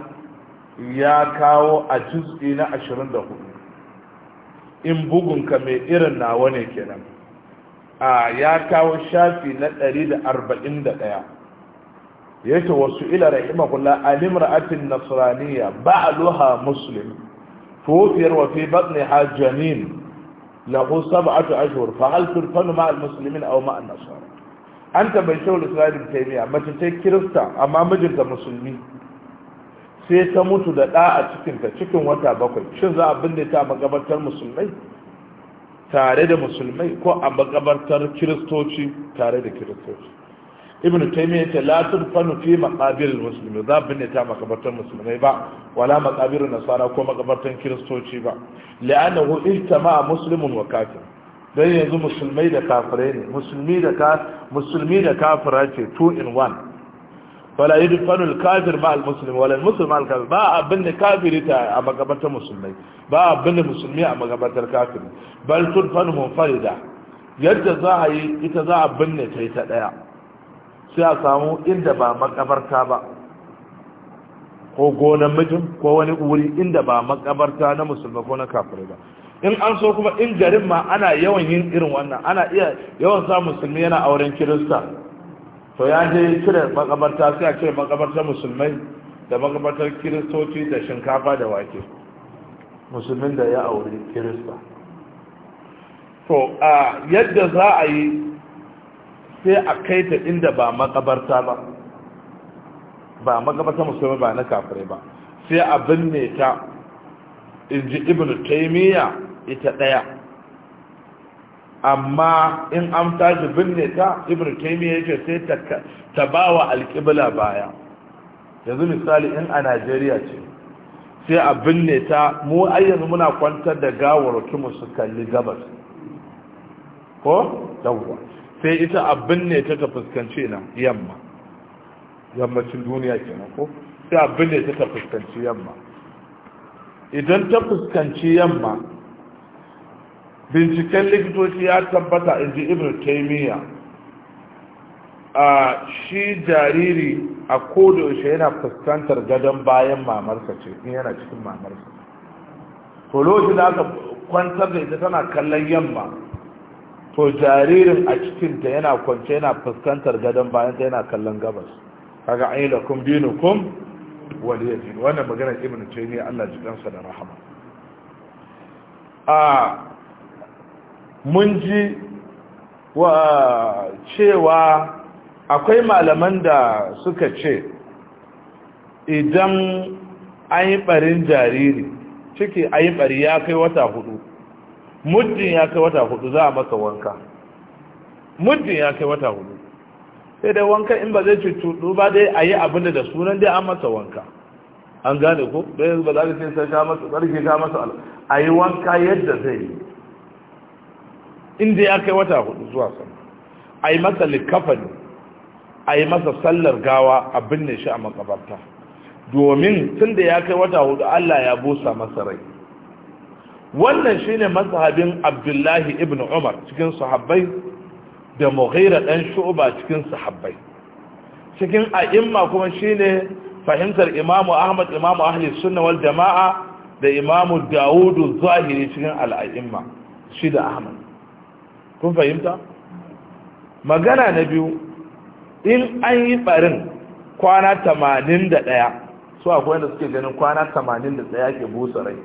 ya kawo a juz'i na 24 in bugunka mai irin nawa ne kenan a ya kawo shafi na 141 yace wasu ila rahimahullah alimra'atin nasraniyya ba'luha muslim توفر وفي بطنها جنين له سبعة أشهر فهل تدفن مع المسلمين أو مع النصارى an tambayi shawul islamin taimiyya mace ta kirista amma mijinta musulmi sai ta mutu da ɗa a cikinta cikin wata bakwai shin za a binne ta a magabartar musulmai tare da musulmai ko a magabartar kiristoci tare da kiristoci ibn taimiyya ce latin tudfanu fi makabirin musulmi za a binne ta makabartan musulmai ba wala makabirin nasara ko makabartan kiristoci ba la'annahu ijtama muslimun wa kafir don yanzu musulmai da kafirai ne musulmi da kafira ce two in one wala yi dufanul kafir ma al-musulmi wala musulma al-kafir ba abin da kafiri ta a magabatar musulmai ba abin da musulmi a magabatar kafiri bal tun turfan munfarida yadda za a yi ita za a binne ta yi ta ɗaya sai a samu inda ba makabarta ba ko gonan mijin ko wani wuri inda ba makabarta na musulmi ko na kafirai ba in an so kuma in garin ma ana yawan yin irin wannan ana iya yawan sa musulmi yana auren kirista to ya je cire makabarta sai a cire makabartar musulmai da makabartar kiristoci da shinkafa da wake musulmin da ya auri kirista to a yadda za a yi sai a kai ta inda ba makabarta ba ba makabarta musulmi ba na kafirai ba sai a binne ta in ji ibn taimiyya ita ɗaya amma in an tashi binne ta ibn taymiya yake sai ta ba wa alƙibla baya yanzu misali in a najeriya ce sai a binne ta mu ayyana muna kwantar da gawarwakinmu su kalli gabas ko yawwa sai ita a binne ta ta fuskanci na yamma yammacin duniya kenan ko sai a binne ta ta fuskanci yamma idan ta fuskanci yamma binciken likitoci ya tabbata in ji ibn taimiyya a shi jariri a kodayaushe yana fuskantar gadon bayan mamarsa ce in yana cikin mamarsa to lokacin da aka kwantar da ita tana kallon yamma to jaririn a cikinta yana kwance yana fuskantar gadon bayan ta yana kallon gabas kaga ainihin kun, wani waliyadin wannan magana ibn taimiyya Allah ji kansa da rahama mun ji wa cewa akwai malaman da suka ce idan an yi barin jariri ciki a yi bari ya kai wata hudu muddin ya kai wata hudu za a masa wanka muddin ya kai wata hudu sai dai wanka in ba zai cutu ba dai a yi abinda da sunan dai an masa wanka an gane ko ɗaya ba za ka sai sai ka masa ƙarfi ka masa a yi wanka yadda zai yi inda ya kai wata hudu zuwa sama a yi masa likafani a yi masa sallar gawa abin ne shi a makabarta domin tun da ya kai wata hudu Allah ya busa masa rai wannan shi shine mazhabin Abdullahi ibn Umar cikin sahabbai da Mughira dan Shu'ba cikin sahabbai cikin a'imma kuma shi ne fahimtar imamu Ahmad imamu Ahli Sunna wal Jama'a da Imam Dawud Zahiri cikin al'a'imma shi da Ahmad kun fahimta magana na biyu in an yi barin kwana 81 su akwai wanda suke ganin kwana 81 ke busa rai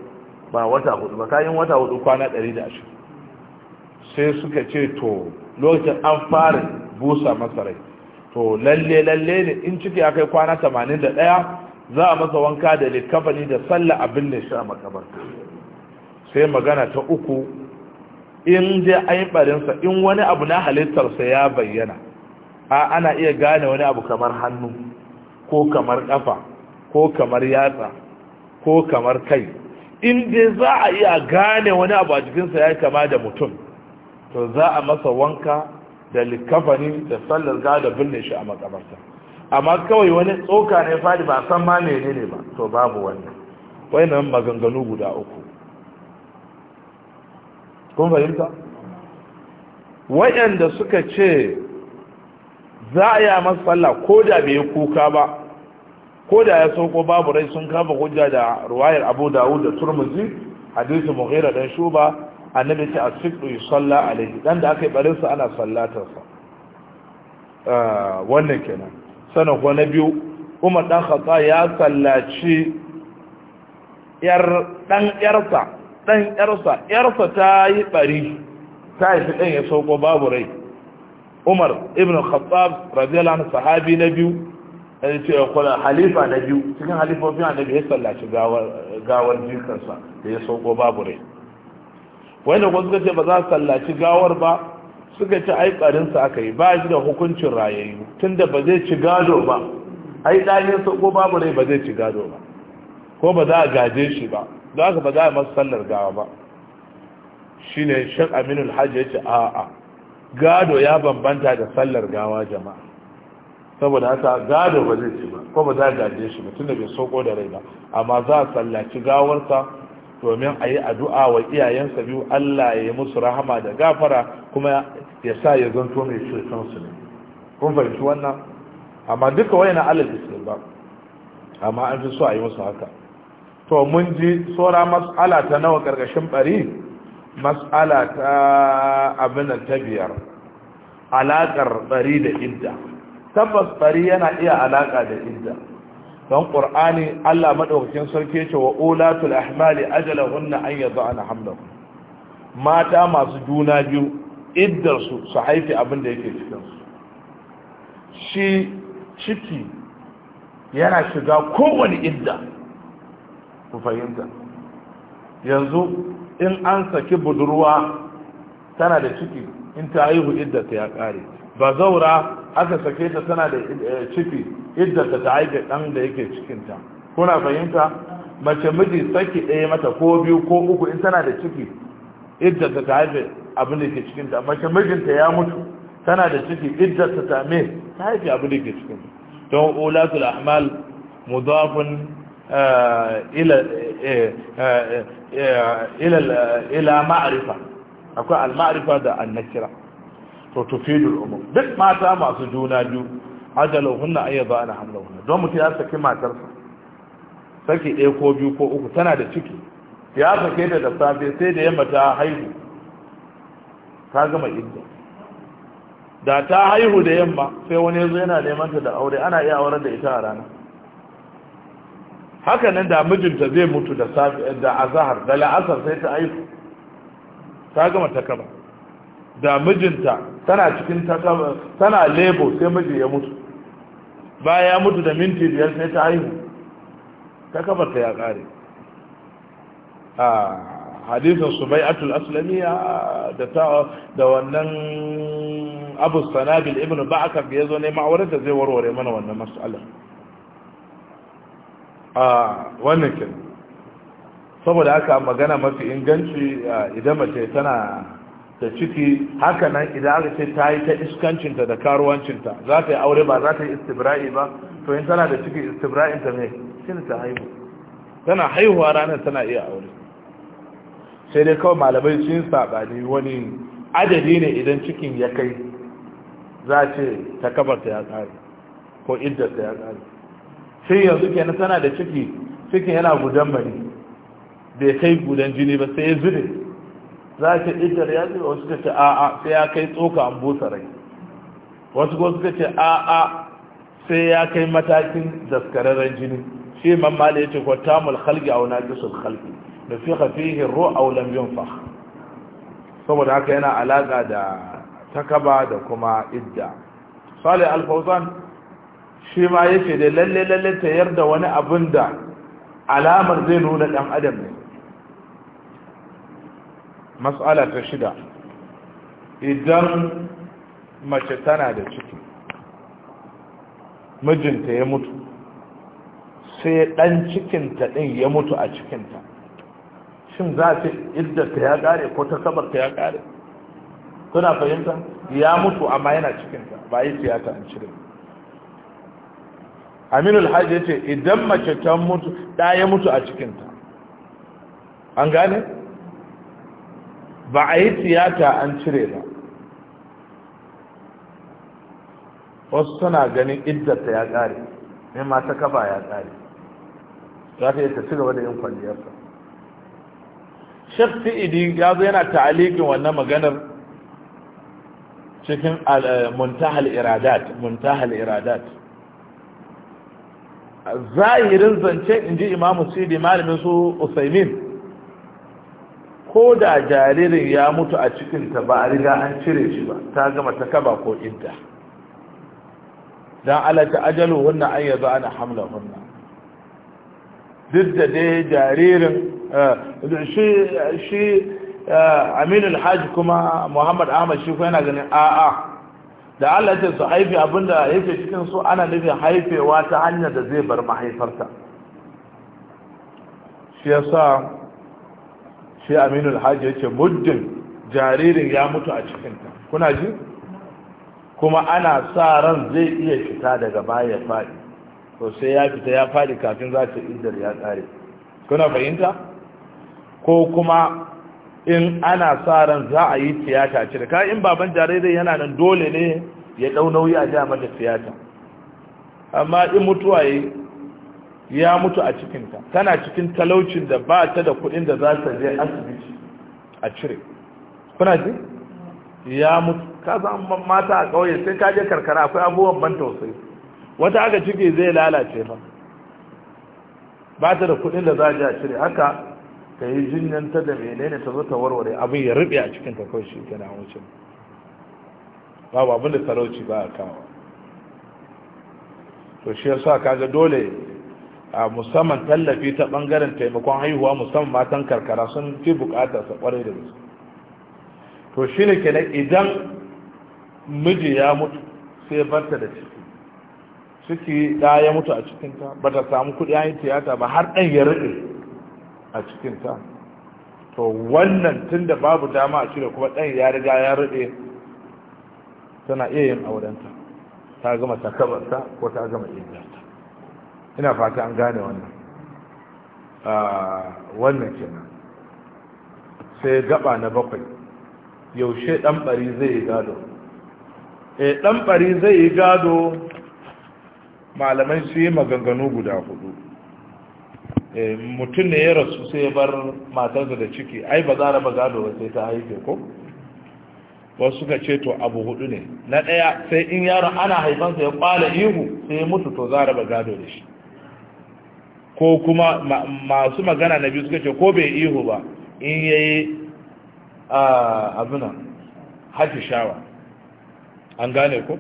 ba wata hudu ba kayan wata hudu kwana 120 sai suka ce to lokacin an fara busa masa rai to lalle lalle ne in ciki aka yi kwana 81 za a masa wanka da likafani da sallah abin da shi a makabarta sai magana ta uku in dai aibarinsa in wani abu na halittarsa ya bayyana a ana iya gane wani abu kamar hannu ko kamar kafa ko kamar yatsa ko kamar kai in je za a iya gane wani abu a jikinsa ya kama da mutum to za a masa wanka da likafani da sallar ga da binne shi a makabarta amma kawai wani tsoka ne fadi ba san ma menene ba to babu wannan wayannan maganganu guda uku kun fahimta wayanda suka ce za a yi a sallah ko da bai kuka ba ko da ya sauko babu rai sun kafa hujja da ruwayar abu dawud da turmuzi hadisi muhira dan shuba annabi ce asiqu yusalla alaihi dan da aka yi barin sa ana sallatar sa ah, wannan kenan sana ko na biyu umar dan khata ya sallaci yar dan yarsa ɗan ƴarsa ƴarsa ta yi ɓari ta haifi ɗan ya sauko babu rai umar ibn khattab radiyallahu anhu sahabi na biyu ya ce kula halifa na biyu cikin halifofin annabi ya sallaci gawar jikarsa da ya sauko babu rai da kuma suka ce ba za su sallaci gawar ba suka ci ai ɓarinsa aka yi ba shi da hukuncin rayayyu tunda ba zai ci gado ba ai ya sauko babu rai ba zai ci gado ba ko ba za a gaje shi ba don haka ba za a masu sallar gawa ba shi ne shan aminul hajji ya ce a'a gado ya bambanta da sallar gawa jama'a saboda haka gado ba zai ci ba ko ba za a gaje shi ba da bai soko da rai ba amma za a sallaci gawarsa domin a yi addu'a wa iyayensa biyu Allah ya yi musu rahama da gafara kuma ya sa ya zanto mai ceton su ne kun fahimci wannan amma duka wayan alal islam ba amma an fi so a yi musu haka to mun ji tsora mas'ala ta nawa ƙarƙashin ɓari mas'ala ta abin ta biyar alaƙar ɓari da idda tabbas ɓari yana iya alaƙa da idda don ƙur'ani allah maɗaukacin sarki ce wa ulatul ahmali ajalahunna an yadda ana hamlahun mata masu juna biyu iddarsu su haifi abin da yake cikinsu shi ciki yana shiga kowane idda ku fahimta yanzu in an saki budurwa tana da ciki in ta haihu iddata ya kare ba zaura aka sake ta tana da eh, ciki iddata ta haife dan da yake cikinta kuna fahimta mace miji saki ɗaya mata ko biyu ko uku in tana da ciki iddata ta haife abin da ke cikinta mace mijinta ya mutu tana da ciki iddata ta me ta haife abin da ke cikinta don ulatul ahmal mudafun ila ma'arifa akwai al-ma'arifa da annakira to tufidul umum duk mata masu juna biyu ajalahunna ayyaba ana hamlahunna don mutum ya saki matarsa saki ɗaya ko biyu ko uku tana da ciki ya sake da safe sai da yamma ta haihu ta gama idda da ta haihu da yamma sai wani yazo yana neman ta da aure ana iya auren da ita a rana haka nan da mijinta zai mutu da safi da azhar da la'asar sai ta aiki ta gama ta kaba da mijinta tana cikin tana lebo sai miji ya mutu baya ya mutu da minti biyar sai ta aihu ta kaba ta ya kare a hadisin subai'atul aslamiya da ta da wannan abu sanabil ibnu ba'akar da yazo ne ma'aurar da zai warware mana wannan mas'alar a wannan kin saboda haka magana mafi inganci idan mace tana da ciki haka nan idan aka ce ta yi ta iskancinta da karuwancinta za ta yi aure ba za ta yi istibra'i ba to in tana da ciki istibra'inta ne shi ta haihu tana haihuwa ranar tana iya aure sai dai kawai malamai sun saɓani wani adadi ne idan cikin ya kai za ce ta kabarta ya tsari ko iddarta ya tsari sai yanzu ke tana da ciki cikin yana gudan bari bai kai gudan jini ba sai ya zube za ta ya zube wasu ka ce a'a sai ya kai tsoka an busa rai wasu ko suka ce a'a sai ya kai matakin daskararren jini shi imam ya ce mul halge a wani naqisul khalqi da fi khafihi a wulan biyun fa, saboda haka yana alaƙa da takaba da kuma idda Sale al shi ma yake da lalle lalle ta yarda wani abin da alamar zai nuna ɗan adam ne mas'ala ta shida idan mace tana da ciki mijinta ya mutu sai ɗan cikinta ɗin ya mutu a cikinta shin za ta iddarta ya ƙare, ko ta sabarta ya ƙare? kuna fahimta ya mutu amma yana cikinta ba yi tiyata an cire Aminu hajji ya ce idan mace ta mutu ɗaya mutu a cikinta an gane ba a yi tiyata an cire ba wasu tana ganin iddarta ya ƙare mai mata kafa ya ƙare za ta yi ta cigaba da yin kwalliyarsa shafi idi ya zo yana ta'alikin wannan maganar cikin eh, muntahal iradat muntahal iradat zahirin zance in ji imamu sidi malamin su usaimin ko da jaririn ya mutu a cikinta ba a riga an cire shi ba ta gama ta kaba ko idda don alata ajalu wannan an yanzu ana hamla wannan. duk da dai jaririn eh, shi eh, aminul hajji kuma muhammad ahmad shi yana ganin a'a da Allah ce su haife abinda yake cikin su ana nufin haifewa ta hanyar da zai bar mahaifarta shi ya sa shi Aminu Alhaji ce muddin jaririn ya mutu a cikinta kuna ji kuma ana sa ran zai iya fita daga baya faɗi to sai ya fita ya faɗi kafin za ta idar ya tsare kuna fahimta ko kuma in ana sa ran za a yi tiyata cire ka in baban jarirai yana nan dole ne ya dau nauyi a ja mata tiyata amma in mutuwa yi ya mutu a cikinta tana cikin talaucin da ba ta da kuɗin da za ta je asibiti a cire kuna ji ya mutu ka san mata a ƙauye sai ka je karkara akwai abubuwan ban tausayi wata aka ciki zai lalace ba ba ta da kuɗin da za a je a cire haka Ka yi jinyan ta da menene ta zo ta warware abin ya rube a cikin ta kawai shi na wucin babu abin da talauci ba a kawo to shi yasa kaga dole a musamman tallafi ta bangaren taimakon haihuwa musamman matan karkara sun fi bukata sa kwarai da gaske to shi ne kenan idan miji ya mutu sai barta da ciki ciki da ya mutu a cikinta ba ta samu kuɗi an yi tiyata ba har ɗan ya rube a cikinta to wannan tun da babu dama a cire kuma ɗan ya riga ya ruɗe tana iya yin aurenta ta gama takabarta ko ta gama iddata ina fata an gane wannan ah, wannan kenan sai gaba na bakwai yaushe ɗan ɓari zai yi gado e ɗan ɓari zai yi gado malamai su yi maganganu guda hudu Eh, mutum ne ya rasu sai ya bar matarsa da ciki ai ba za raba gado ba sai ta haife ko wasu suka ce to abu hudu ne na ɗaya sai in yaron ana haifansa ya kwala ihu sai ya mutu to za a raba gado da shi ko kuma masu magana na biyu suka ce ko bai ihu ba in ya yi abinan hati shawa an gane ko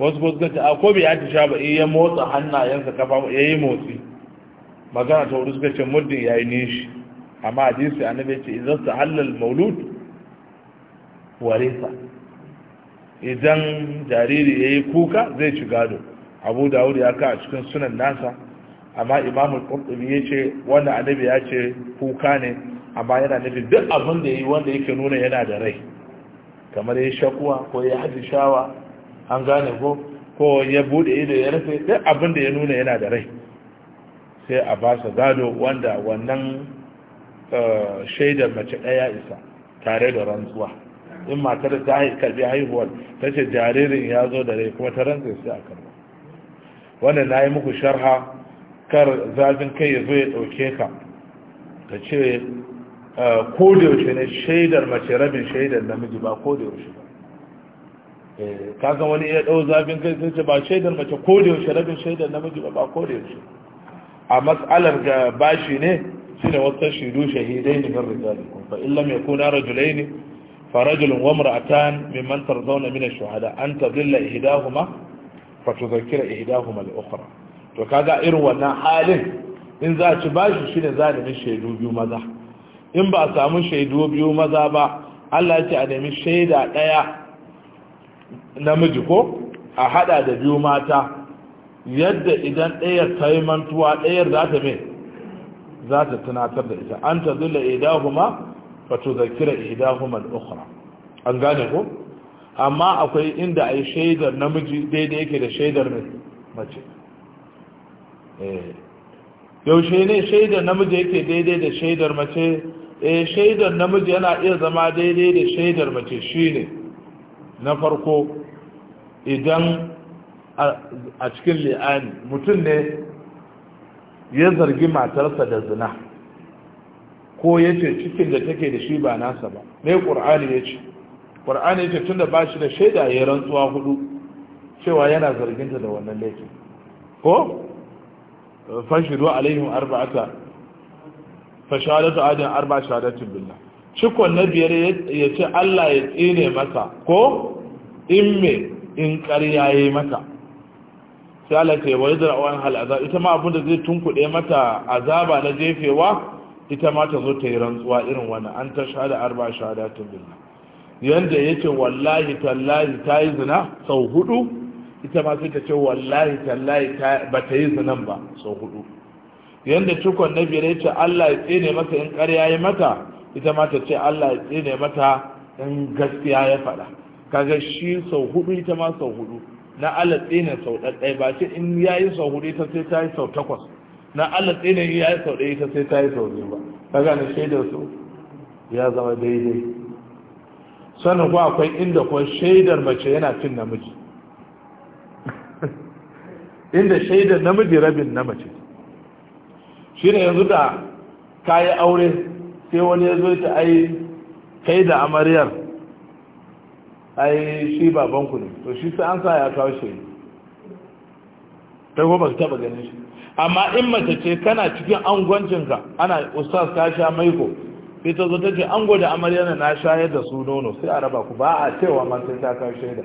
wasu ko suka ce ko bai hati shawa ba in ya motsa hannayensa kafa ya yi motsi magana ta wuri suka ce muddin ya yi nishi amma hadisi annabi ce idan su halal maulud sa idan jariri ya yi kuka zai ci gado abu dawud ya ka a cikin sunan nasa amma imamu qurtubi ya ce wanda annabi ya ce kuka ne amma yana nufin duk abin da yi wanda yake nuna yana da rai kamar ya shakuwa ko ya shawa an gane ko ko ya bude ido ya rufe duk abin da ya nuna yana da rai sai a ba gado wanda wannan eh, shaidar mace ɗaya isa tare da rantsuwa in matar ta karbi haihuwar ta ce jaririn ya zo da rai kuma ta rantsa sai a karba wannan na yi muku sharha kar zafin kai ya zo ya ɗauke ka ta ce eh, ko da yaushe ne shaidar mace rabin shaidar namiji ba ko da yaushe ba eh, kasan wani iya ɗau zafin kai sai ce ba shaidar mace ko da yaushe rabin shaidar namiji ba ba ko da yaushe ba a matsalar ga bashi ne shine wata shidu shahidai ne min rijalikum fa illam yakuna rajulain fa rajulun wa imra'atan mimman tarzawna min ash-shuhada an tadilla ihdahuma fa tudhakkira ihdahuma al-ukhra to kaga irin wannan halin in za a ci bashi shine zalimin shaidu biyu maza in ba a samu shaidu biyu maza ba Allah ya ce a nemi shaida daya namiji ko a hada da biyu mata yadda idan ɗayar ta yi mantuwa ɗayar za ta mai za ta tunatar da ita an ta zula idahuma fa to zakira idahuma al-ukhra an gane ko amma akwai inda ai shaidar namiji daidai yake da shaidar mace eh yaushe ne shaidar namiji yake daidai da shaidar mace eh shaidar namiji yana iya zama daidai da shaidar mace shine na farko idan a cikin li'ani mutum ne ya zargi matarsa da zina ko ya ce cikin da take da shi ba nasa ba ne ƙur'ani ya ce ƙur'ani ya ce tun da ba shi da shaida ya rantsuwa hudu cewa yana zarginta da wannan laifin ko fashiru alaihim arba'ata fashadatu adin arba shahadatin billah cikon na biyar ya ce Allah ya tsine masa ko in me in ƙarya ya yi mata sai Allah ce wa yadda an hal azab ita ma abin da zai tunkuɗe mata azaba na jefewa ita ma ta zo ta yi rantsuwa irin wannan an ta shahada arba shahadatun billah yanda yake wallahi tallahi ta yi zina sau hudu ita ma sai ta ce wallahi tallahi ba ta yi zinan ba sau hudu yanda cikon na biyar yace Allah ya tsine mata in ƙarya ya mata ita ma ta ce Allah ya tsine mata in gaskiya ya faɗa kaga shi sau hudu ita ma sau hudu na alatsi ne sau ɗaɗɗai ba shi in ya yi sau hudu ta sai ta yi sau takwas na alatsi ne ya yi sau ɗaya ta sai ta yi sau biyu ba ka gane shaidar su ya zama daidai sannan ko akwai inda ko shaidar mace yana cin namiji *laughs* inda shaidar namiji rabin na mace shi ne yanzu da ka yi aure sai wani ya zo ta ai kai da amaryar ai shi babanku ne to shi sai an sa ya kawo shi ta goma taba ganin shi amma in mace ce kana cikin angwancinka ana ustaz ka sha maiko sai ta zo ta ce ango da amaryana na shayar da su nono sai a raba ku ba a cewa man sai ta kawo shaida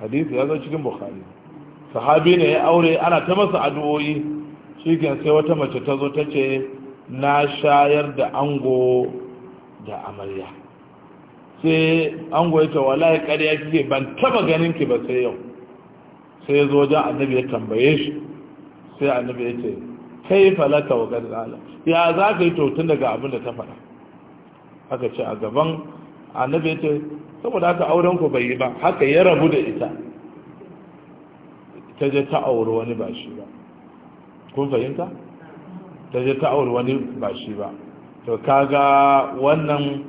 hadisi ya zo cikin bukhari sahabi ne ya aure ana ta masa addu'o'i shi sai wata mace ta zo ta ce na shayar da ango da amarya sai an goyi ta wallahi ƙarya kike ban taba ganin ki ba sai yau sai ya zo wajen annabi ya tambaye shi sai annabi ya ce kai falata wa ala ya za ka yi tautun daga abin da ta faɗa haka ce a gaban annabi ya ce saboda haka auren ku bai yi ba haka ya rabu da ita ta je ta auri wani ba shi ba kun fahimta ta je ta auri wani ba shi ba to kaga wannan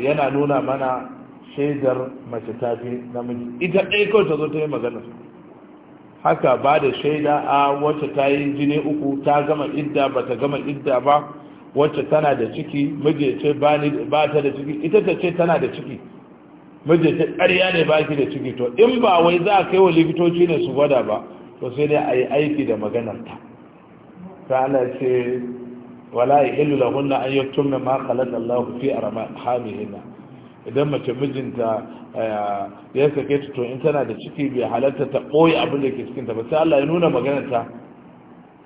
yana nuna mana shaidar mace ta fi namiji ita ɗaya kawai ta zo ta yi magana haka ba da shaida a wacce ta yi jini uku ta gama idda ba ta gama idda ba wacce tana da ciki miji ce ba ta da ciki ita ta ce tana da ciki miji ce ƙarya ne ba ki da ciki to in ba wai za a kai wa likitoci ne su gwada ba to sai dai a yi aiki da maganarta ta ana ce wala yahillu lahunna an yaktumna ma khalaqa Allah fi arhamihinna idan mace mijinta eh, ya sake ta to in tana da ciki bai halatta ta koyi abin da ke cikin ta ba sai Allah ya nuna maganar ta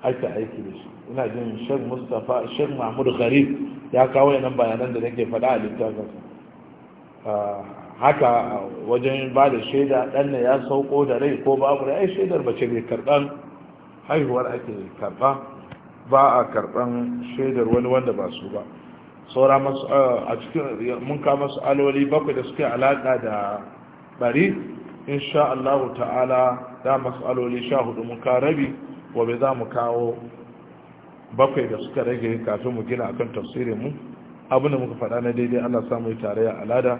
aika aiki da shi ina jin Sheikh Mustafa Sheikh Mahmud Gharib ya kawo yanan bayanan da nake faɗa a littafin ah, haka wajen ba da shaida ɗan ya sauko da rai ko babu rai ai shaidar mace ne karɓan haihuwar ake karɓa ba a karban shaidar wani wanda ba su ba saura masu a cikin mun kama su alwali bakwai da suke alaƙa da bari insha Allah ta'ala da masu alwali sha hudu mun ka rabi gobe za mu kawo bakwai da suka rage kafin mu gina akan tafsirin mu abin da muka faɗa na daidai Allah samu tare a alada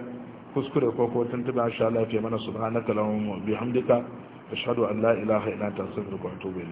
kuskure ko ko tuntuba insha Allah ya mana subhanaka lahum bihamdika ashhadu an la ilaha illa anta astaghfiruka wa atubu